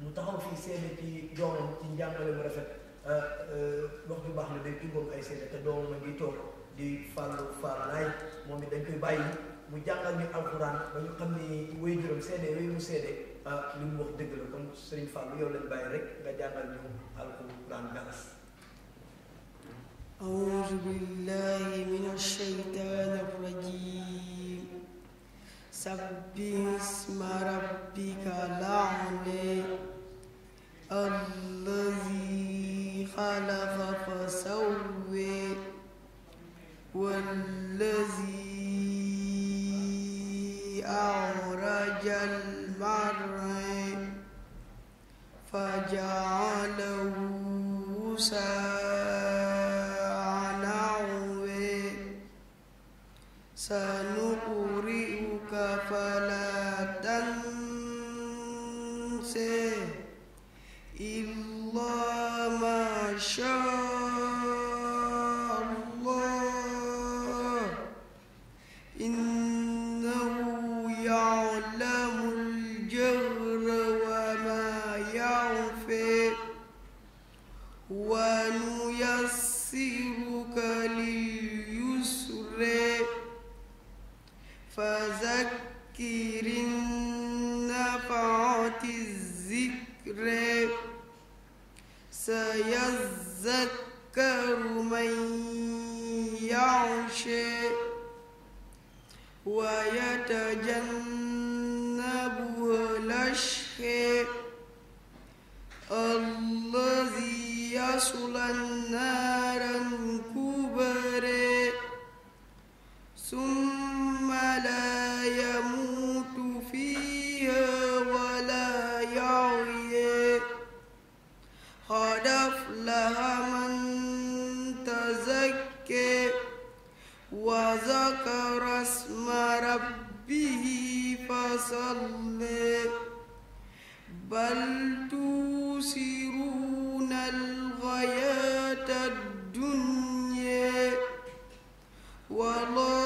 mu taxaw fii seede ci doomam ci njàngale mu rafet euh, euh, wax ju baax la day tungoom ay seede te doomam a ngi toog di fàllu fàll laay moom it dañ koy bàyyi mu jàngal ñu alxuraan ba ñu xam ni wéyjuram seede yooyu mu seede ah li mu wax dëgg la kon Serigne Fallou yow lañ bàyyi rek nga jàngal ñu alxuraan galas أعوذ بالله من الشيطان الرجيم سبح اسم ربك الأعلى الذي خلق فسوى والذي مخرج آه، البر فجعله ساعة نحو سنقرئك فلا تنسى إلا ما شاء سيذكر من يعشى ويتجنبها الأشقى وصلى بل توسرون الغيات الدنيا ولا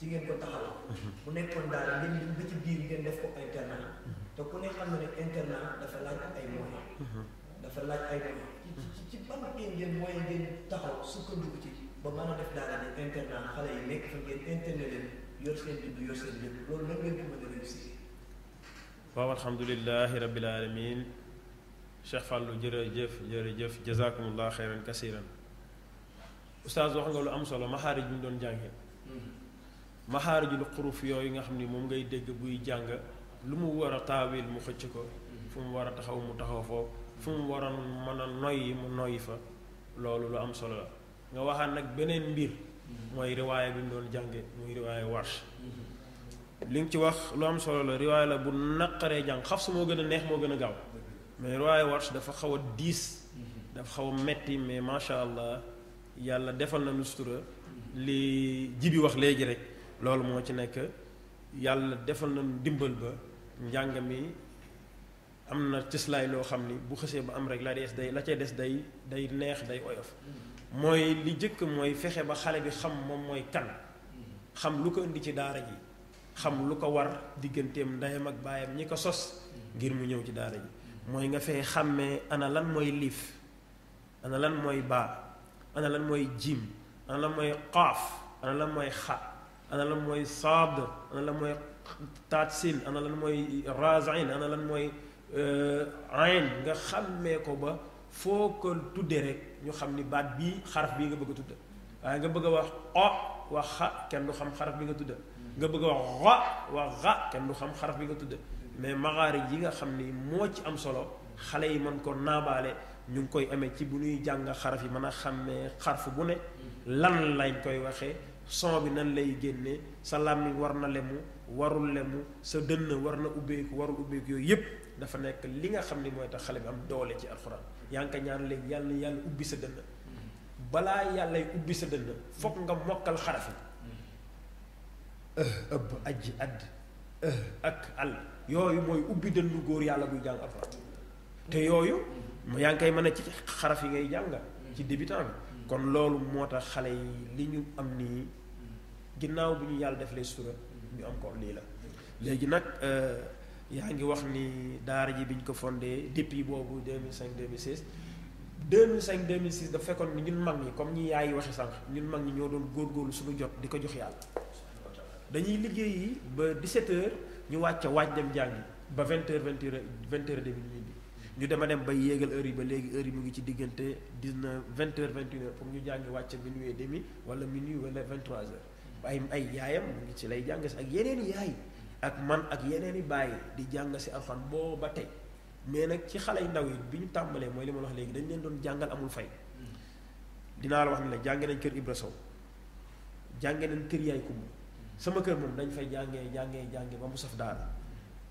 ci ngeen ko taxawal. bu mhm. nekkoon daal ngeen dem ba ci biir ngeen def ko internat te ku ne xam na ne internat dafa laaj ay moyens. Mhm. dafa laaj ay moyens. ci ci ban ngeen ngeen moyen ngeen taxaw sukkandiku ci ba mën a def daara ne internat xale yi nekk fa ngeen internet leen yor seen dund yor seen lépp loolu lan ngeen ko mën a réussir. waaw alhamdulilahi rabbil alamin Cheikh Fallou jërëjëf jërëjëf jazakumullah xeyran kasiran oustaz wax nga lu am solo maxaarij ñu doon jàngee. Mhm. lu xuruf yooyu nga xam ni moom ngay dégg buy jàng lu mu war a taawil mu xëcc ko fu mu war a taxaw mu taxaw foofu fu mu war a mën a mu noy fa loolu lu am solo la nga waxaat nag beneen mbir mooy riwaaya bi mu doon jànge muy riwaaya warsh li ci wax lu am solo la riwaaya la bu naqaree jàng xaf su moo gën a neex moo gën a gaaw mais riwaaya warsh dafa xaw a diis dafa xaw a metti mais macha allah yàlla defal na lu li jibi wax léegi rek loolu mo ci nek yàlla defal na dimbal ba njangami amna am na cëslaay loo bu xese ba am rek la dess day la ci dess day day neex day oyof moy li jëkk moy fexe ba xale bi xam mom moy kan xam lu ko indi ci daara ji xam lu ko war digganteem ndayam ak bayam ñi ko sos ngir mu ñëw ci daara ji moy nga fexe xamé ana lan moy lif ana lan moy ba ana lan moy jim ana lan moy qaf ana lan moy xa ana lan mooy saad ana lan mooy taatsin ana lan mooy razain ana lan mooy euh, ayn nga xàmmee ko ba foo ko tuddee rek ñu xam ni baat bii xaraf bii nga bëgg a tudda waaye nga bëgg a wax o wax xa kenn du xam xaraf bi nga tudda nga bëgg a wax xa wax xa kenn du xam xaraf bi nga tudda mais maxaari yi nga xam ni moo ci am solo xale yi mën ko naabaale ñu ngi koy amee ci bu ñuy jàng xaraf yi mën a xàmmee xarf bu ne lan lañ koy waxee son bi nan lay génnee sa làmmiñ war na lemu warul lemu sa dënn war na ubbeeku warul ubbeeku yooyu yëpp dafa nekk li nga xam ni mooy tax xale bi am doole ci alxuraan yaa ngi ko ñaan léegi yàlla yàlla ubbi sa dënn balaa yàllay ubbi sa dënn foog nga mokkal xarafi ëpp ajj add ak àll yooyu mooy ubbi dënnu góor yàlla buy jàng alxuraan te yooyu yaa koy mën a ci xaraf yi ngay jàng ci débutant kon loolu moo tax xale yi li ñu am nii ginnaaw bu ñu yàlla def les sura ñu am ko lii la léegi nag euh, yaa ngi wax ni daara ji bi ñu ko fondé depuis boobu 2005 2006 2005 2006 dafa fekkoon ni ñun mag ñi comme ñi yaay yi waxe sànq ñun mag ñi ñoo doon góorgóorlu suñu jot di ko jox yàlla dañuy liggéeyi yi ba 17 heures ñu wàcc waaj dem jàngi ba 20 heures 20 heures 20 heures demi bi ñu dema dem bay yéegal heure yi ba léegi heure yi mu ngi ci diggante 19 20 heures 21 heures pour ñu jàngi wàcc minuit et wala minuit wala 23 ay ay yaayam mu ngi ci lay jàng si ak yeneen yaay ak man ak yeneen i bàyyi di jàng si alxuraan booba tey mais nag ci xale yu ndaw yi bi ñu tàmbalee mooy li ma wax léegi dañ leen doon jàngal amul fay dinaa la wax ne kër Ibra Sow kër yaay sama kër moom dañ fay jàngee jàngee jàngee ba mu saf daara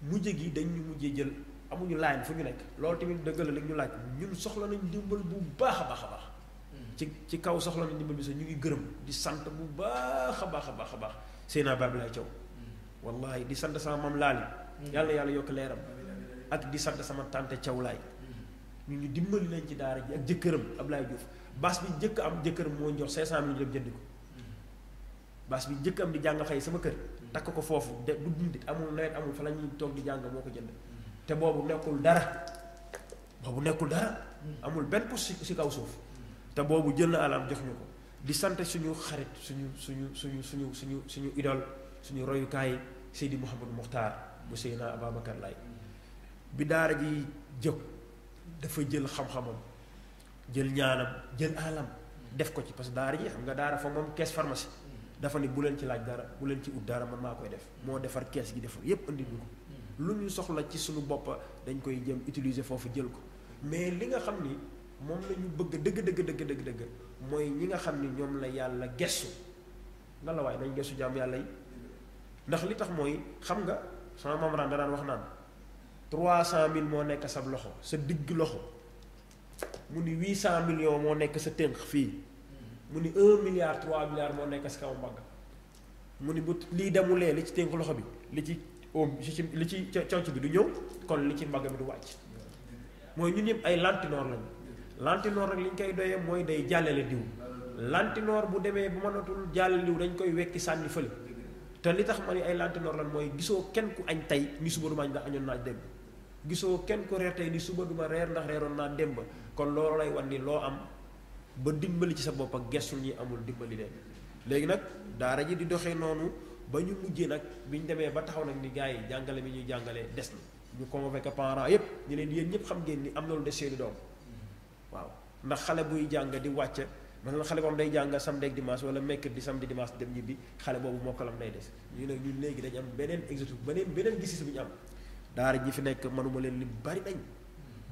mujj gi dañ ñu mujjee jël amuñu laaj fu ñu nekk loolu tamit dëgg la li ñu laaj ñun soxla nañu dimbal bu baax a baax a baax ci ci kaw soxla na ndimbal bi sax ñu ngi gërëm di sant bu baax a baax a baax a baax Seydina Babilaay Thiaw wallahi di sant sama maam laali mm-hmm. yàlla yàlla yokk leeram ak di sant sama tante Thiaw laay mm-hmm. ñu ñu dimbali leen ci daara ji ak jëkkëram Ablaye Diouf baas bi njëkk am jëkkëram moo jox cinq cent mille ñu dem jënd ko mm-hmm. baas bi njëkk am di jàng xëy sama kër takk ko foofu de du dundit amul nawet amul fa la ñuy toog di jàng moo ko jënd te boobu nekkul dara boobu nekkul dara benn pos si kaw suuf te boobu jël na alam jox ñu ko di sant suñu xarit suñu suñu suñu suñu suñu suñu idol suñu royukaay Seydi Mouhamadou Mokhtar bu Seydina Ababacar Laay bi daara ji jóg dafa jël xam-xamam jël ñaanam jël alam def ko ci parce que daara ji xam nga daara fa moom kees pharmacie dafa ni bu leen ci laaj dara bu leen ci ut dara man maa koy def moo defar kees gi defar yépp andi ñu ko lu ñu soxla ci suñu bopp dañ koy jëm utiliser foofu jël ko mais li nga xam ni moom la ñu bëgg dëgg dëgg dëgg dëgg dëgg mooy ñi nga xam ni ñoom la yàlla gesu lan la waaye nañ gesu jaam yàlla yi ndax li tax mooy xam nga sama mamran da daan wax naan trois cent mille moo nekk sab loxo sa digg loxo mu ni huit cent millions moo nekk sa tënk fii mu ni un milliard trois milliards moo nekk sa kaw mbagg mu ni bu lii demulee li ci tënk loxo bi li ci oom li ci li ci conc bi du ñëw kon li ci mbagg bi du wàcc mooy ñun ñëpp ay lantinoor lañu lantinoor rek li ñu koy doyee mooy day jàllale diw lantinoor bu demee bu mënatul jàllale diw dañu koy wekki sànni fële te li tax ma ne ay lantinoor lan mooy gisoo kenn ku añ tey ni suba duma añ ndax añoon naa démb gisoo kenn ku reer tey ni suba duma reer ndax reeroon naa démb kon loolu lay wan ni loo am ba dimbali ci sa bopp ak gestu ñi amul dimbali dem léegi nag daara ji di doxee noonu ba ñu mujjee nag bi ñu demee ba taxaw nag ni gars yi jàngale mi ñuy jàngale des na ñu convoqué parents yépp ñu leen yéen ñëpp xam ngeen ni am na lu des seeni waaw ndax xale buy jàng di wàcc maanaam xale boobu day jàng samedi ak dimanche wala mercredi samedi dimaas dem ñibbi xale boobu mokkalam day des ñu ne ñu léegi dañu am beneen exotique beneen beneen gis-gis am daara ji fi nekk manuma leen lim bari nañ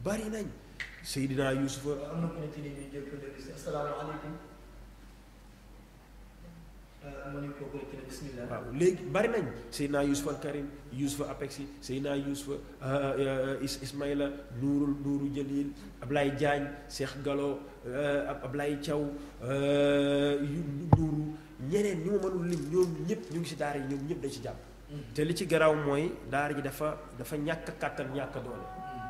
bari nañ Seydina Yuusufa am ci ni ñuy jël Euh, waaw léegi bari nañ Seydina Yusufa Karim Yusufa Apexi Seydina Yusufa euh, euh, Ismaïla Nuurul Nuuru Jalil Ablaye Diagne Cheikh Gallo Ablaye Thiaw Nuuru ñeneen ñu ma mënul lim ñoom ñëpp ñu ngi si daara yi ñoom ñëpp dañ ci jàpp mm-hmm. te li ci garaaw mooy daara ji dafa dafa ñàkk kàttan ñàkk doole mm-hmm.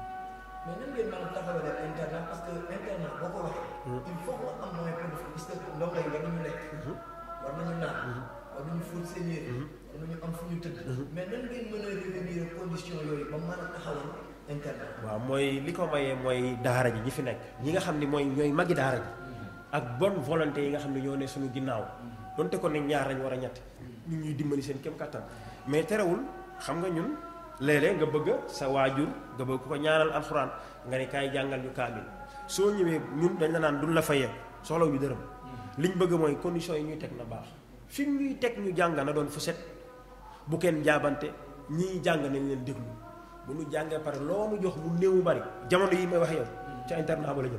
amuñu naan amuñu fóot seen yére amuñu am fu ñu tëdd mais nan ngeen mën a revenir condition yooyu ba mën a taxawal internet waaw mooy li ko mayee mooy daara ji ñi fi nekk ñi nga xam ne mooy ñooy magi daara ji mm-hmm. ak bonne volonté yi nga xam ne ñoo ne suñu ginnaaw mm-hmm. donte ko ne ñaar lañ war a ñett ñu mm-hmm. ñuy dimbali seen kattan mais terewul xam nga ñun léeg-léeg nga bëgg sa waajur nga bëgg ko ñaanal alxuraan nga ne kaay jàngal ñu kaamil soo ñëwee ñun dañ la naan duñ la fayee ñu dërëm liñ bëgg mooy condition yi ñuy teg na baax fi ñuy teg ñu jàng na doon fu set bu kenn jaabante ñii jàng nañ leen déglu bu ñu jàngee pare loo mu jox mu néew bari jamono yi may wax yow ca internat ba la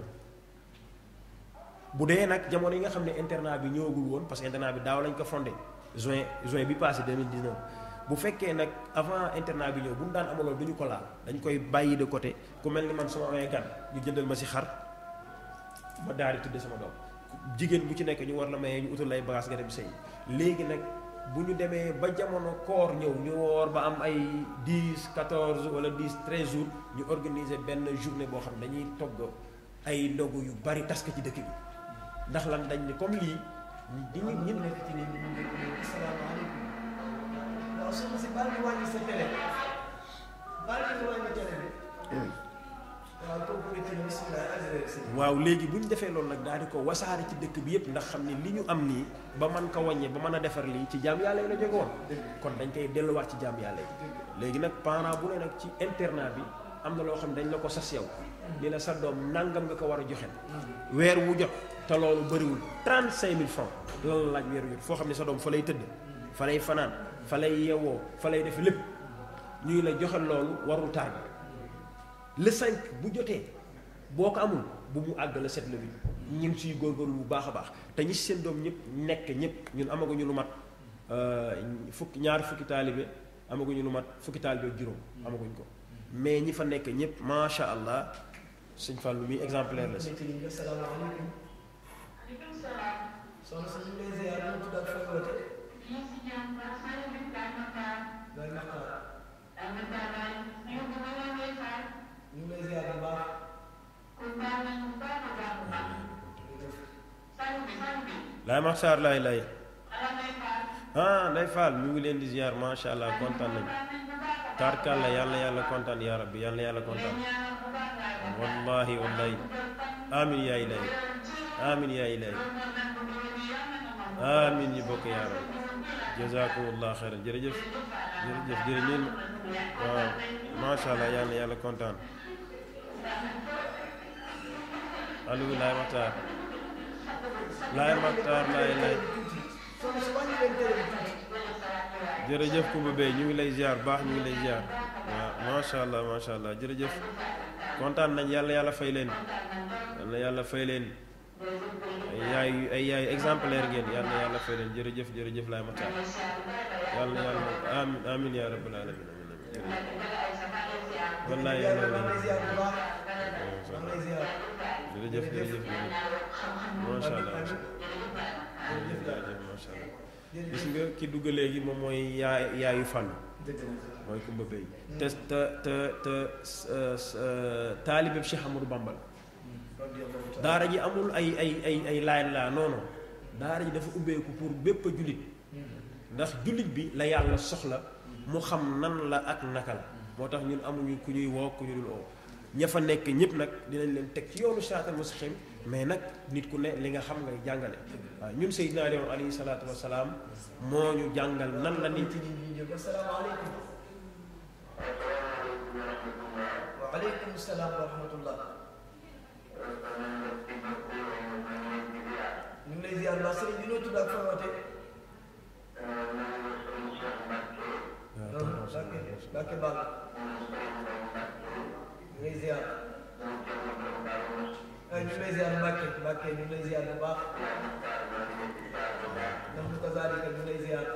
bu dee nag jamono yi nga xam ne internat bi ñëwagul woon parce que internat bi daaw lañ ko fonde join juin bi passé 2019 bu fekkee nag avant internat bi ñëw bu mu daan amaloon duñu ko laal dañ koy bàyyi de côté ku mel ni man su ma amee gan ñu jëndal ma si xar ma daal di tudde sama doom jigéen bu ci nekk ñu war la mayee ñu utal lay bagages nga dem sëy léegi nag bu ñu demee ba jamono koor ñëw ñu woor ba am ay 10 14 wala 10 13 jours ñu organiser benn journée boo xam ne dañuy togg ay ndogu yu bari tas ko ci dëkk bi ndax lan dañ ni comme lii. di ñu ñëpp nekk ci nit ñi mu nekk nii asalaamaaleykum. waaw soxna si baal ñu wàññi sa télé. baal ñu wàññi télé waaw léegi bu ñu defee loolu nag daal di ko wasaare ci dëkk bi yëpp ndax xam ni li ñu am nii ba man ko wàññee ba mën a defar lii ci jaam yàlla yi la jóge kon dañ koy delluwaat ci jaam yàlla yi léegi nag parent bu ne nag ci internat bi am na loo xam ne dañ la ko sas yow li la sa doom nangam nga ko war a joxe weer wu jox te loolu bëriwul trente cinq mille francs lan laaj weer wu jot foo xam ne sa doom fa lay tëdd fa lay fanaan fa lay yeewoo fa lay def lépp ñuy la joxe loolu warul tàgg le 5 bu jotee boo ko amul bu mu àgg le 7 le 8 ñu ngi siy góorgóorlu bu baax a baax te ñi si seen doom ñëpp nekk ñëpp ñun amaguñu lu mat euh, fukki ñaar fukki taalibe amaguñu lu mat fukki taalibe juróom amaguñ ko mais ñi fa nekk ñëpp macha allah sëñ Fallou mi exemplaire la si. ñu ngi لا ما صار لا لا ها لا يفعل مي ولي اندي زيار ما شاء الله كونتان نبي تارك الله يلا يلا كونتان يا ربي يلا يلا كونتان والله والله امين يا الهي امين يا الهي امين يا بوك يا رب جزاكم الله خيرا جرجف جرجف جرجين آه، ما شاء الله يلا يلا كونتان الو لا ما تعرف laay maxtaar laay laay jërëjëf Kumba Bey ñu ngi lay ziar baax ñu ngi lay ziar waaw macha allah macha allah jërëjëf kontaan nañ yàlla yàlla fay leen yàlla yàlla fay leen ay yaay ay yaay exemplaire ngeen yàlla yàlla fay leen jërëjëf jërëjëf laay maxtaar yàlla yàlla amin amin yaa rabbal alamin amin wallaay yàlla jërëjëf jërëjëf macha allah macha allah jërëjëf jaajëf macha allah gis nga ki dugg léegi moom mooy yaay yaayu fànn mooy kumba béy te te te te taalibeeb Cheikh Amadou Bamba la daara ji amul ay ay ay ay layan laa non non daara ji dafa ubbeeku pour bépp jullit ndax jullit bi la yàlla soxla mu xam nan la ak naka la moo tax ñun amuñu ku ñuy woo ku ñu dul oo ña fa nekk ñëpp nag dinañ leen teg ci yoonu siraatal mustaqim mais nag nit ku ne li nga xam ngay jàngale waaw ñun Seydina Limaamu alayhi salaatu salaam moo ñu jàngal nan la nit ci nit ñi jëm ak fawate Mbàkke ñu eh, ngi ziar ñu ngi lay ziar Mbacke Mbacke ñu ngi lay ziar bu baax ndax ko zaari ñu ngi lay ziar.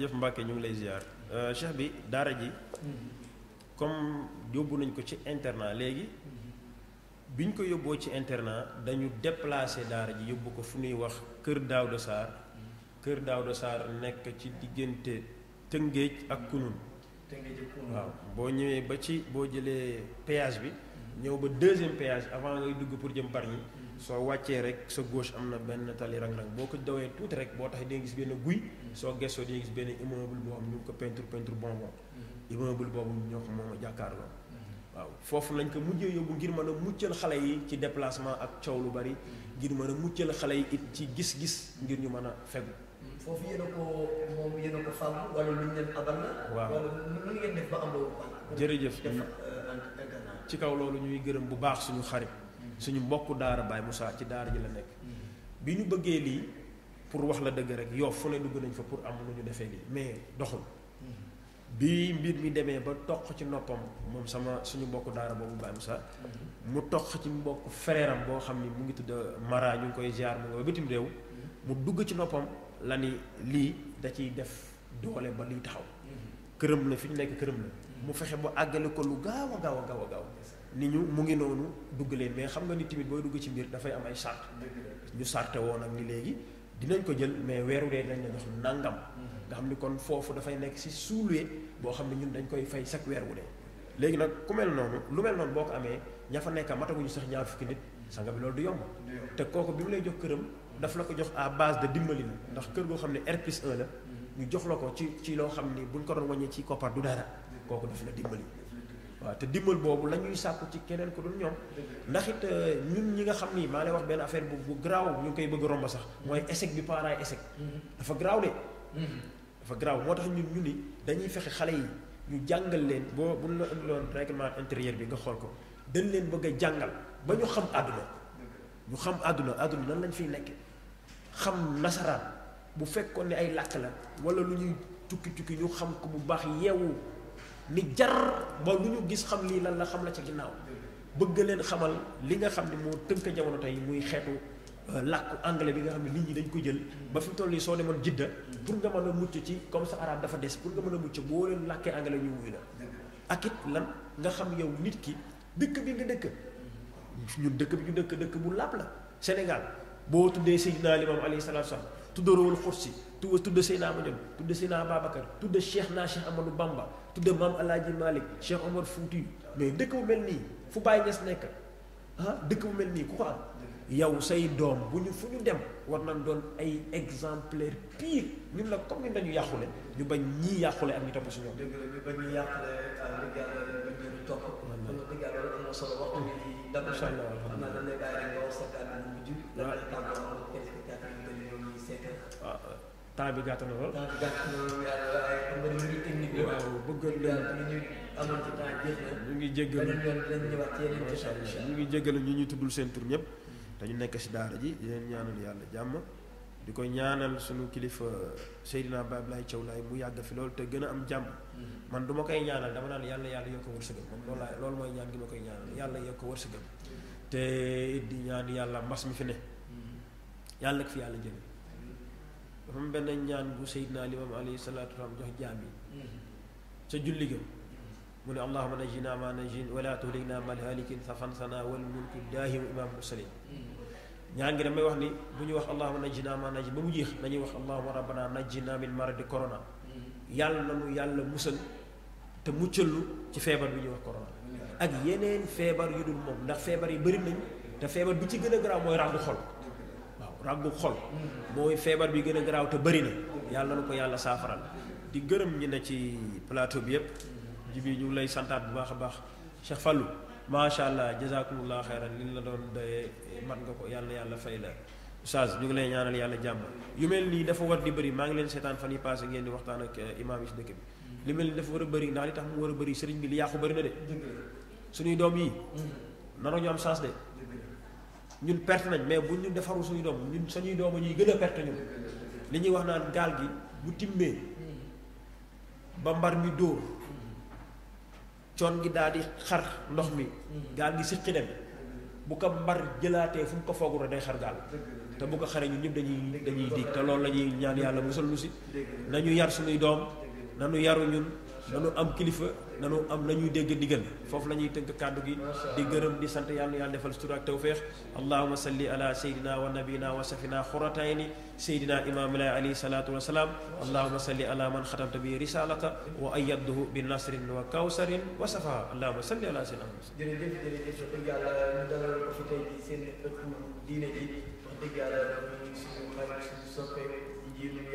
jërëjëf Mbacke ñu ngi lay ziar euh, cheikh bi daara ji comme yóbbu nañ ko ci internat léegi bi ñu ko yóbboo ci internat dañu déplacé daara ji yóbbu ko fu ñuy wax kër Daawda Sarr kër Daawda Sarr nekk ci diggante Tëngéej ak Kunun waaw boo ñëwee ba ci boo jëlee péage bi ñëw ba deuxième péage avant ngay dugg pour jëm ñi soo wàccee rek sa gauche am na benn tali rang-rang boo ko dawee tuuti rek boo tax di gis benn guy mm. soo gestoo di nga gis benn immeuble boo ñu ngi ko peinture peinture bonbon mm-hmm. immeuble boobu ñoo ko moom a mm-hmm. waaw foofu lañ ko mujjee yóbbu ngir mën a muccal xale yi ci déplacement ak coow lu bari mm-hmm. ngir mën a muccal xale yi it ci gis-gis ngir ñu mën a fegu. foofu yéen a ko moom yéen a ko fàmm wala waaw jërëjëf euh, ci kaw loolu ñuy gërëm bu baax suñu xarit. suñu mbokk daara Baye Moussa ci daara ji la nekk mm-hmm. bi ñu bëggee lii pour wax la dëgg rek yow fu ne dugg nañ fa pour am lu ñu defee lii mais doxul mm-hmm. bi mbir mi demee ba toq ci noppam moom sama suñu mbokku daara boobu Baye Moussa mm-hmm. mu toq ci mbokk frère am boo xam ni mu ngi tudd Mara ñu ngi koy ziar mu nga ba bitim réew mu dugg ci noppam la ni lii da ciy def doole ba liy taxaw këram la fi ñu nekk këram la mu fexe ba àggale ko lu gaaw gaaw a gaaw a gaaw ni ñu mu ngi noonu dugg leen mais xam nga ni timit booy dugg ci mbir dafay am ay sart ñu sarte woon ak ni léegi dinañ ko jël mais weeru dee dañ la jox nàngam nga xam ni kon foofu dafay nekk si suuluwe boo xam ne ñun dañ koy fay chaque weer wu dee léegi nag ku noonu lu mel noonu boo ko amee ña fa nekk mataguñu sax ñaar fukki nit sanga loolu du yomb te kooku bi mu lay jox këram daf la ko jox à base de dimbali la ndax kër goo xam ne R plus 1 la ñu jox la ko ci ci loo xam ni buñ ko doon wàññee ci koppar du dara kooku daf la dimbali waaw te dimbal boobu la ñuy sàkku ci keneen ku dul ñoom ndaxit it euh, ñun ñi nga xam ni maa lay wax benn affaire bu bu garaaw ñu ngi koy bëgg romb sax mooy échec bi parents yi dafa garaaw de dafa garaaw moo tax ñu ni dañuy fexe xale yi ñu jàngal leen boo buñ la indiloon règlement intérieur bi nga xool ko dañ leen bëgg a jàngal ba ñu xam àdduna ñu xam àdduna àdduna nan lañ fiy nekke xam nasaraan bu fekkoon ne ay làkk la wala lu ñuy tukki tukki ñu xam ko bu baax yeewu li jar ba lu ñu gis xam lii lan la xam la ca ginnaaw bëgg leen xamal li nga xam ne moo tënk jamono tey muy xeetu euh, làkku anglais bi nga xam ne nit dañ ko jël ba fi mu toll nii soo demoon jidda pour nga mën a mucc ci comme sa arabe dafa des pour nga mën a boo leen làkkee anglais ñu wuyu la ak it lan nga xam yow nit ki dëkk bi nga dëkk ñun dëkk bi ñu dëkk dëkk bu làpp la Sénégal boo tuddee Seydina Limaamu alayhi salaatu salaam tudda Ruhul Xudsi tudda Seydina Amadu tudda Seydina Babacar tudda Cheikh naa Cheikh Amadou Bamba tudda maam Alaaji Malick Cheikh Omar Fouti mais dëkk bu mel nii fu Baay Ñas nekk ah, dëkk bu mel nii ku ko yow say doom bu ñu fu ñu dem war nañ doon ay exemplaire pire ñun la comme ni dañu yàqule ñu bañ ñii yàqule ak ñu topp si ñoom. dëgg la ñu bañ ñii yàqule ak ah, ñu topp. man la yàlla am na solo temps bi gàtt na lool. temps ngi technique bi. waaw ñu ñu ngi jéggalu ñu ñu ñu tuddul seen tur ñëpp. dañu nekk si daara ji di leen ñaanal yàlla jàmm di ko ñaanal suñu kilifa Seydina Baye Ablaye Thiaw Laye mu yàgg fi loolu te gën a am jàmm mm-hmm. man du ma koy ñaanal dama naan yàlla yàlla yokk wërsëgam man loolu mooy ñaan ma koy ñaanal yàlla yokk wërsëgam te di ñaan yàlla mbas mi fi ne mm-hmm. yàlla ko fi yàlla jële dafa am benn ñaan bu Seydina Limam alayhi salaatu wa salaam jox jaam yi sa julli ga mu ne allahuma najjina ma najjin wala tuhlikna mal halikin safan sana wal mulku daahim imam mursalin ñaan gi damay wax ni bu ñu wax allahuma najjina ma najjin ba mu jeex dañuy wax allahuma rabbana najjina min maradi corona yàlla nanu yàlla musal te muccalu ci feebar bi ñuy wax corona ak yeneen feebar yu dul moom ndax feebar yi bëri nañ te feebar bi ci gën a garaaw mooy rax du xol ràggu xol mooy feebar bi gën a garaaw te bëri na yàlla na ko yàlla saafaral di gërëm ñi na ci plateau bi yëpp jibi ñu lay santaat bu baax a baax Cheikh Fallou macha allah jazakumullah xayran li la doon de mat nga ko yàlla yàlla fay la oustaz ñu ngi lay ñaanal yàlla jàmm yu mel nii dafa war di bëri maa ngi leen seetaan fan yi passé ngeen di waxtaan ak eh, imaam yi si dëkk bi li mel ni dafa war a bëri ndax li tax mu war a bëri sëriñ bi li yàqu bëri na de suñuy doom yi mm-hmm. naroñu am chance de ñun perte nañ mais buñ ñu defarul suñu doom ñun sañuy doom ñuy gën a perte ñun li ñuy wax naan gaal gi bu timmee ba mbar mi dóor coon gi daal di xar ndox mi gaal gi siqi dem bu ko mbar jëlaatee fu mu ko foogul day xar gaal te bu ko xaree ñun ñëpp dañuy dañuy dig te loolu la ñuy ñaan yàlla musal lu na nañu yar suñuy doom nañu yaru ñun nanu am kilifa nanu am na ñuy dégg ndigal foofu la ñuy tënk kàddu gi di gërëm di sant yàlla yàlla defal sutura ak tawféex allahuma salli ala sayidina wa nabina wa safina xuratayni sayidina imamila alayhi salatu wasalaam allahuma salli ala man xatamta bi risalaka wa ayadduhu bi nasrin wa kawsarin wa safa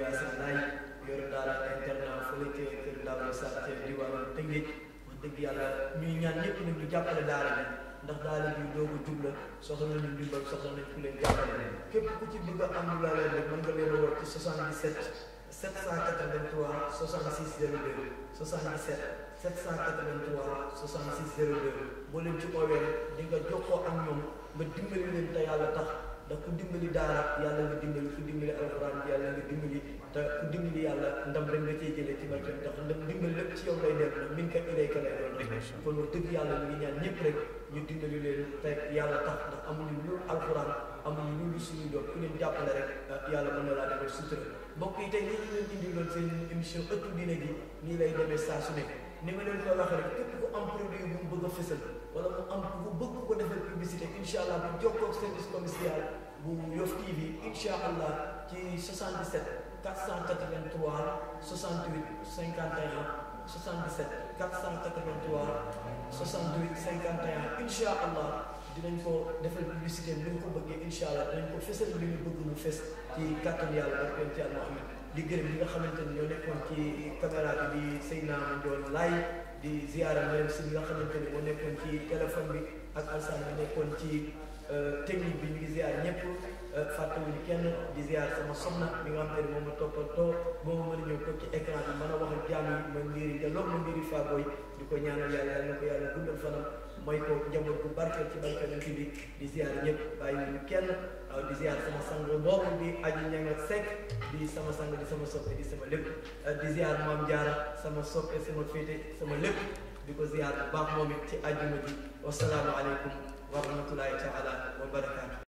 sa naay yor daal internat fële administrateur di war a tëngéej wax dëgg yàlla ñuy ñaan ñëpp nag ñu jàppale daara bi ndax daara bi doo ko jubla soxla nañu ndimbal soxla nañ ku leen jàppale képp ku ci bëgg a am lu la leen rek mën nga leen a woo ci 77 783 66 02 77 783 66 02 boo leen ci oowee di nga jokkoo ak ñoom nga dimbali leen te yàlla tax ndax ku dimbali daara yàlla nga dimbali ku dimbali alxuraan yàlla nga dimbali te ku dimbali yàlla ndam rek nga cee jëlee ci barke ndax ndam dimbal lépp ci yow lay dellu la min ka ilayka lay doon kon wax dëgg yàlla ñu ngi ñaan ñëpp rek ñu dimbali leen te yàlla tax ndax amuñu lu alquran amuñu lu lu suñu doon ku leen jàppale rek ah, yàlla mën na laa defal sutura mbokk yi tey ñu ngi leen indi loon seen émission ëttu diine gi nii lay demee saa su nekk ni ma leen ko waxee rek képp ku am produit bu mu bëgg a fësal wala mu am ku bëgg ko defal publicité incha allah bu jokkoo ak service commercial bu Yoff TV incha allah ci 77 483 68 51 77 483 68 51 incha allah dinañ ko defal publicité bi ñu ko bëggee incha allah dinañ ko fësal li ñu bëgg mu fës ci kàttan yàlla ak yoon ci yàlla Muhammad di gërëm ñi nga xamante ni ñoo nekkoon ci caméra bi di Seyna Njoon Laay di ziara même si ñi nga xamante ni moo nekkoon ci téléphone bi ak Alsaan bi nekkoon ci euh, technique bi ñu ngi ziar Euh, fàttali ni kenn di ziar sama soxna mi nga xam te moom ma toppatoo moom mën a ñëw toog ci écran bi mën a wax ak yi ma ngiri te loolu ma ngiri faaboy di ko ñaanal yàlla yàlla na ko yàlla guddal fanam may ko njaboot bu bi bi di ziar ñëpp bàyyi ñu kenn di ziar sama sang boobu di aji ñanga sekk di sama sang di sama soppe di sama lépp euh, di ziar maam jaara sama soppe sama féete sama lépp di ko ziar bu baax moom it ci àjjuma ji wasalaamu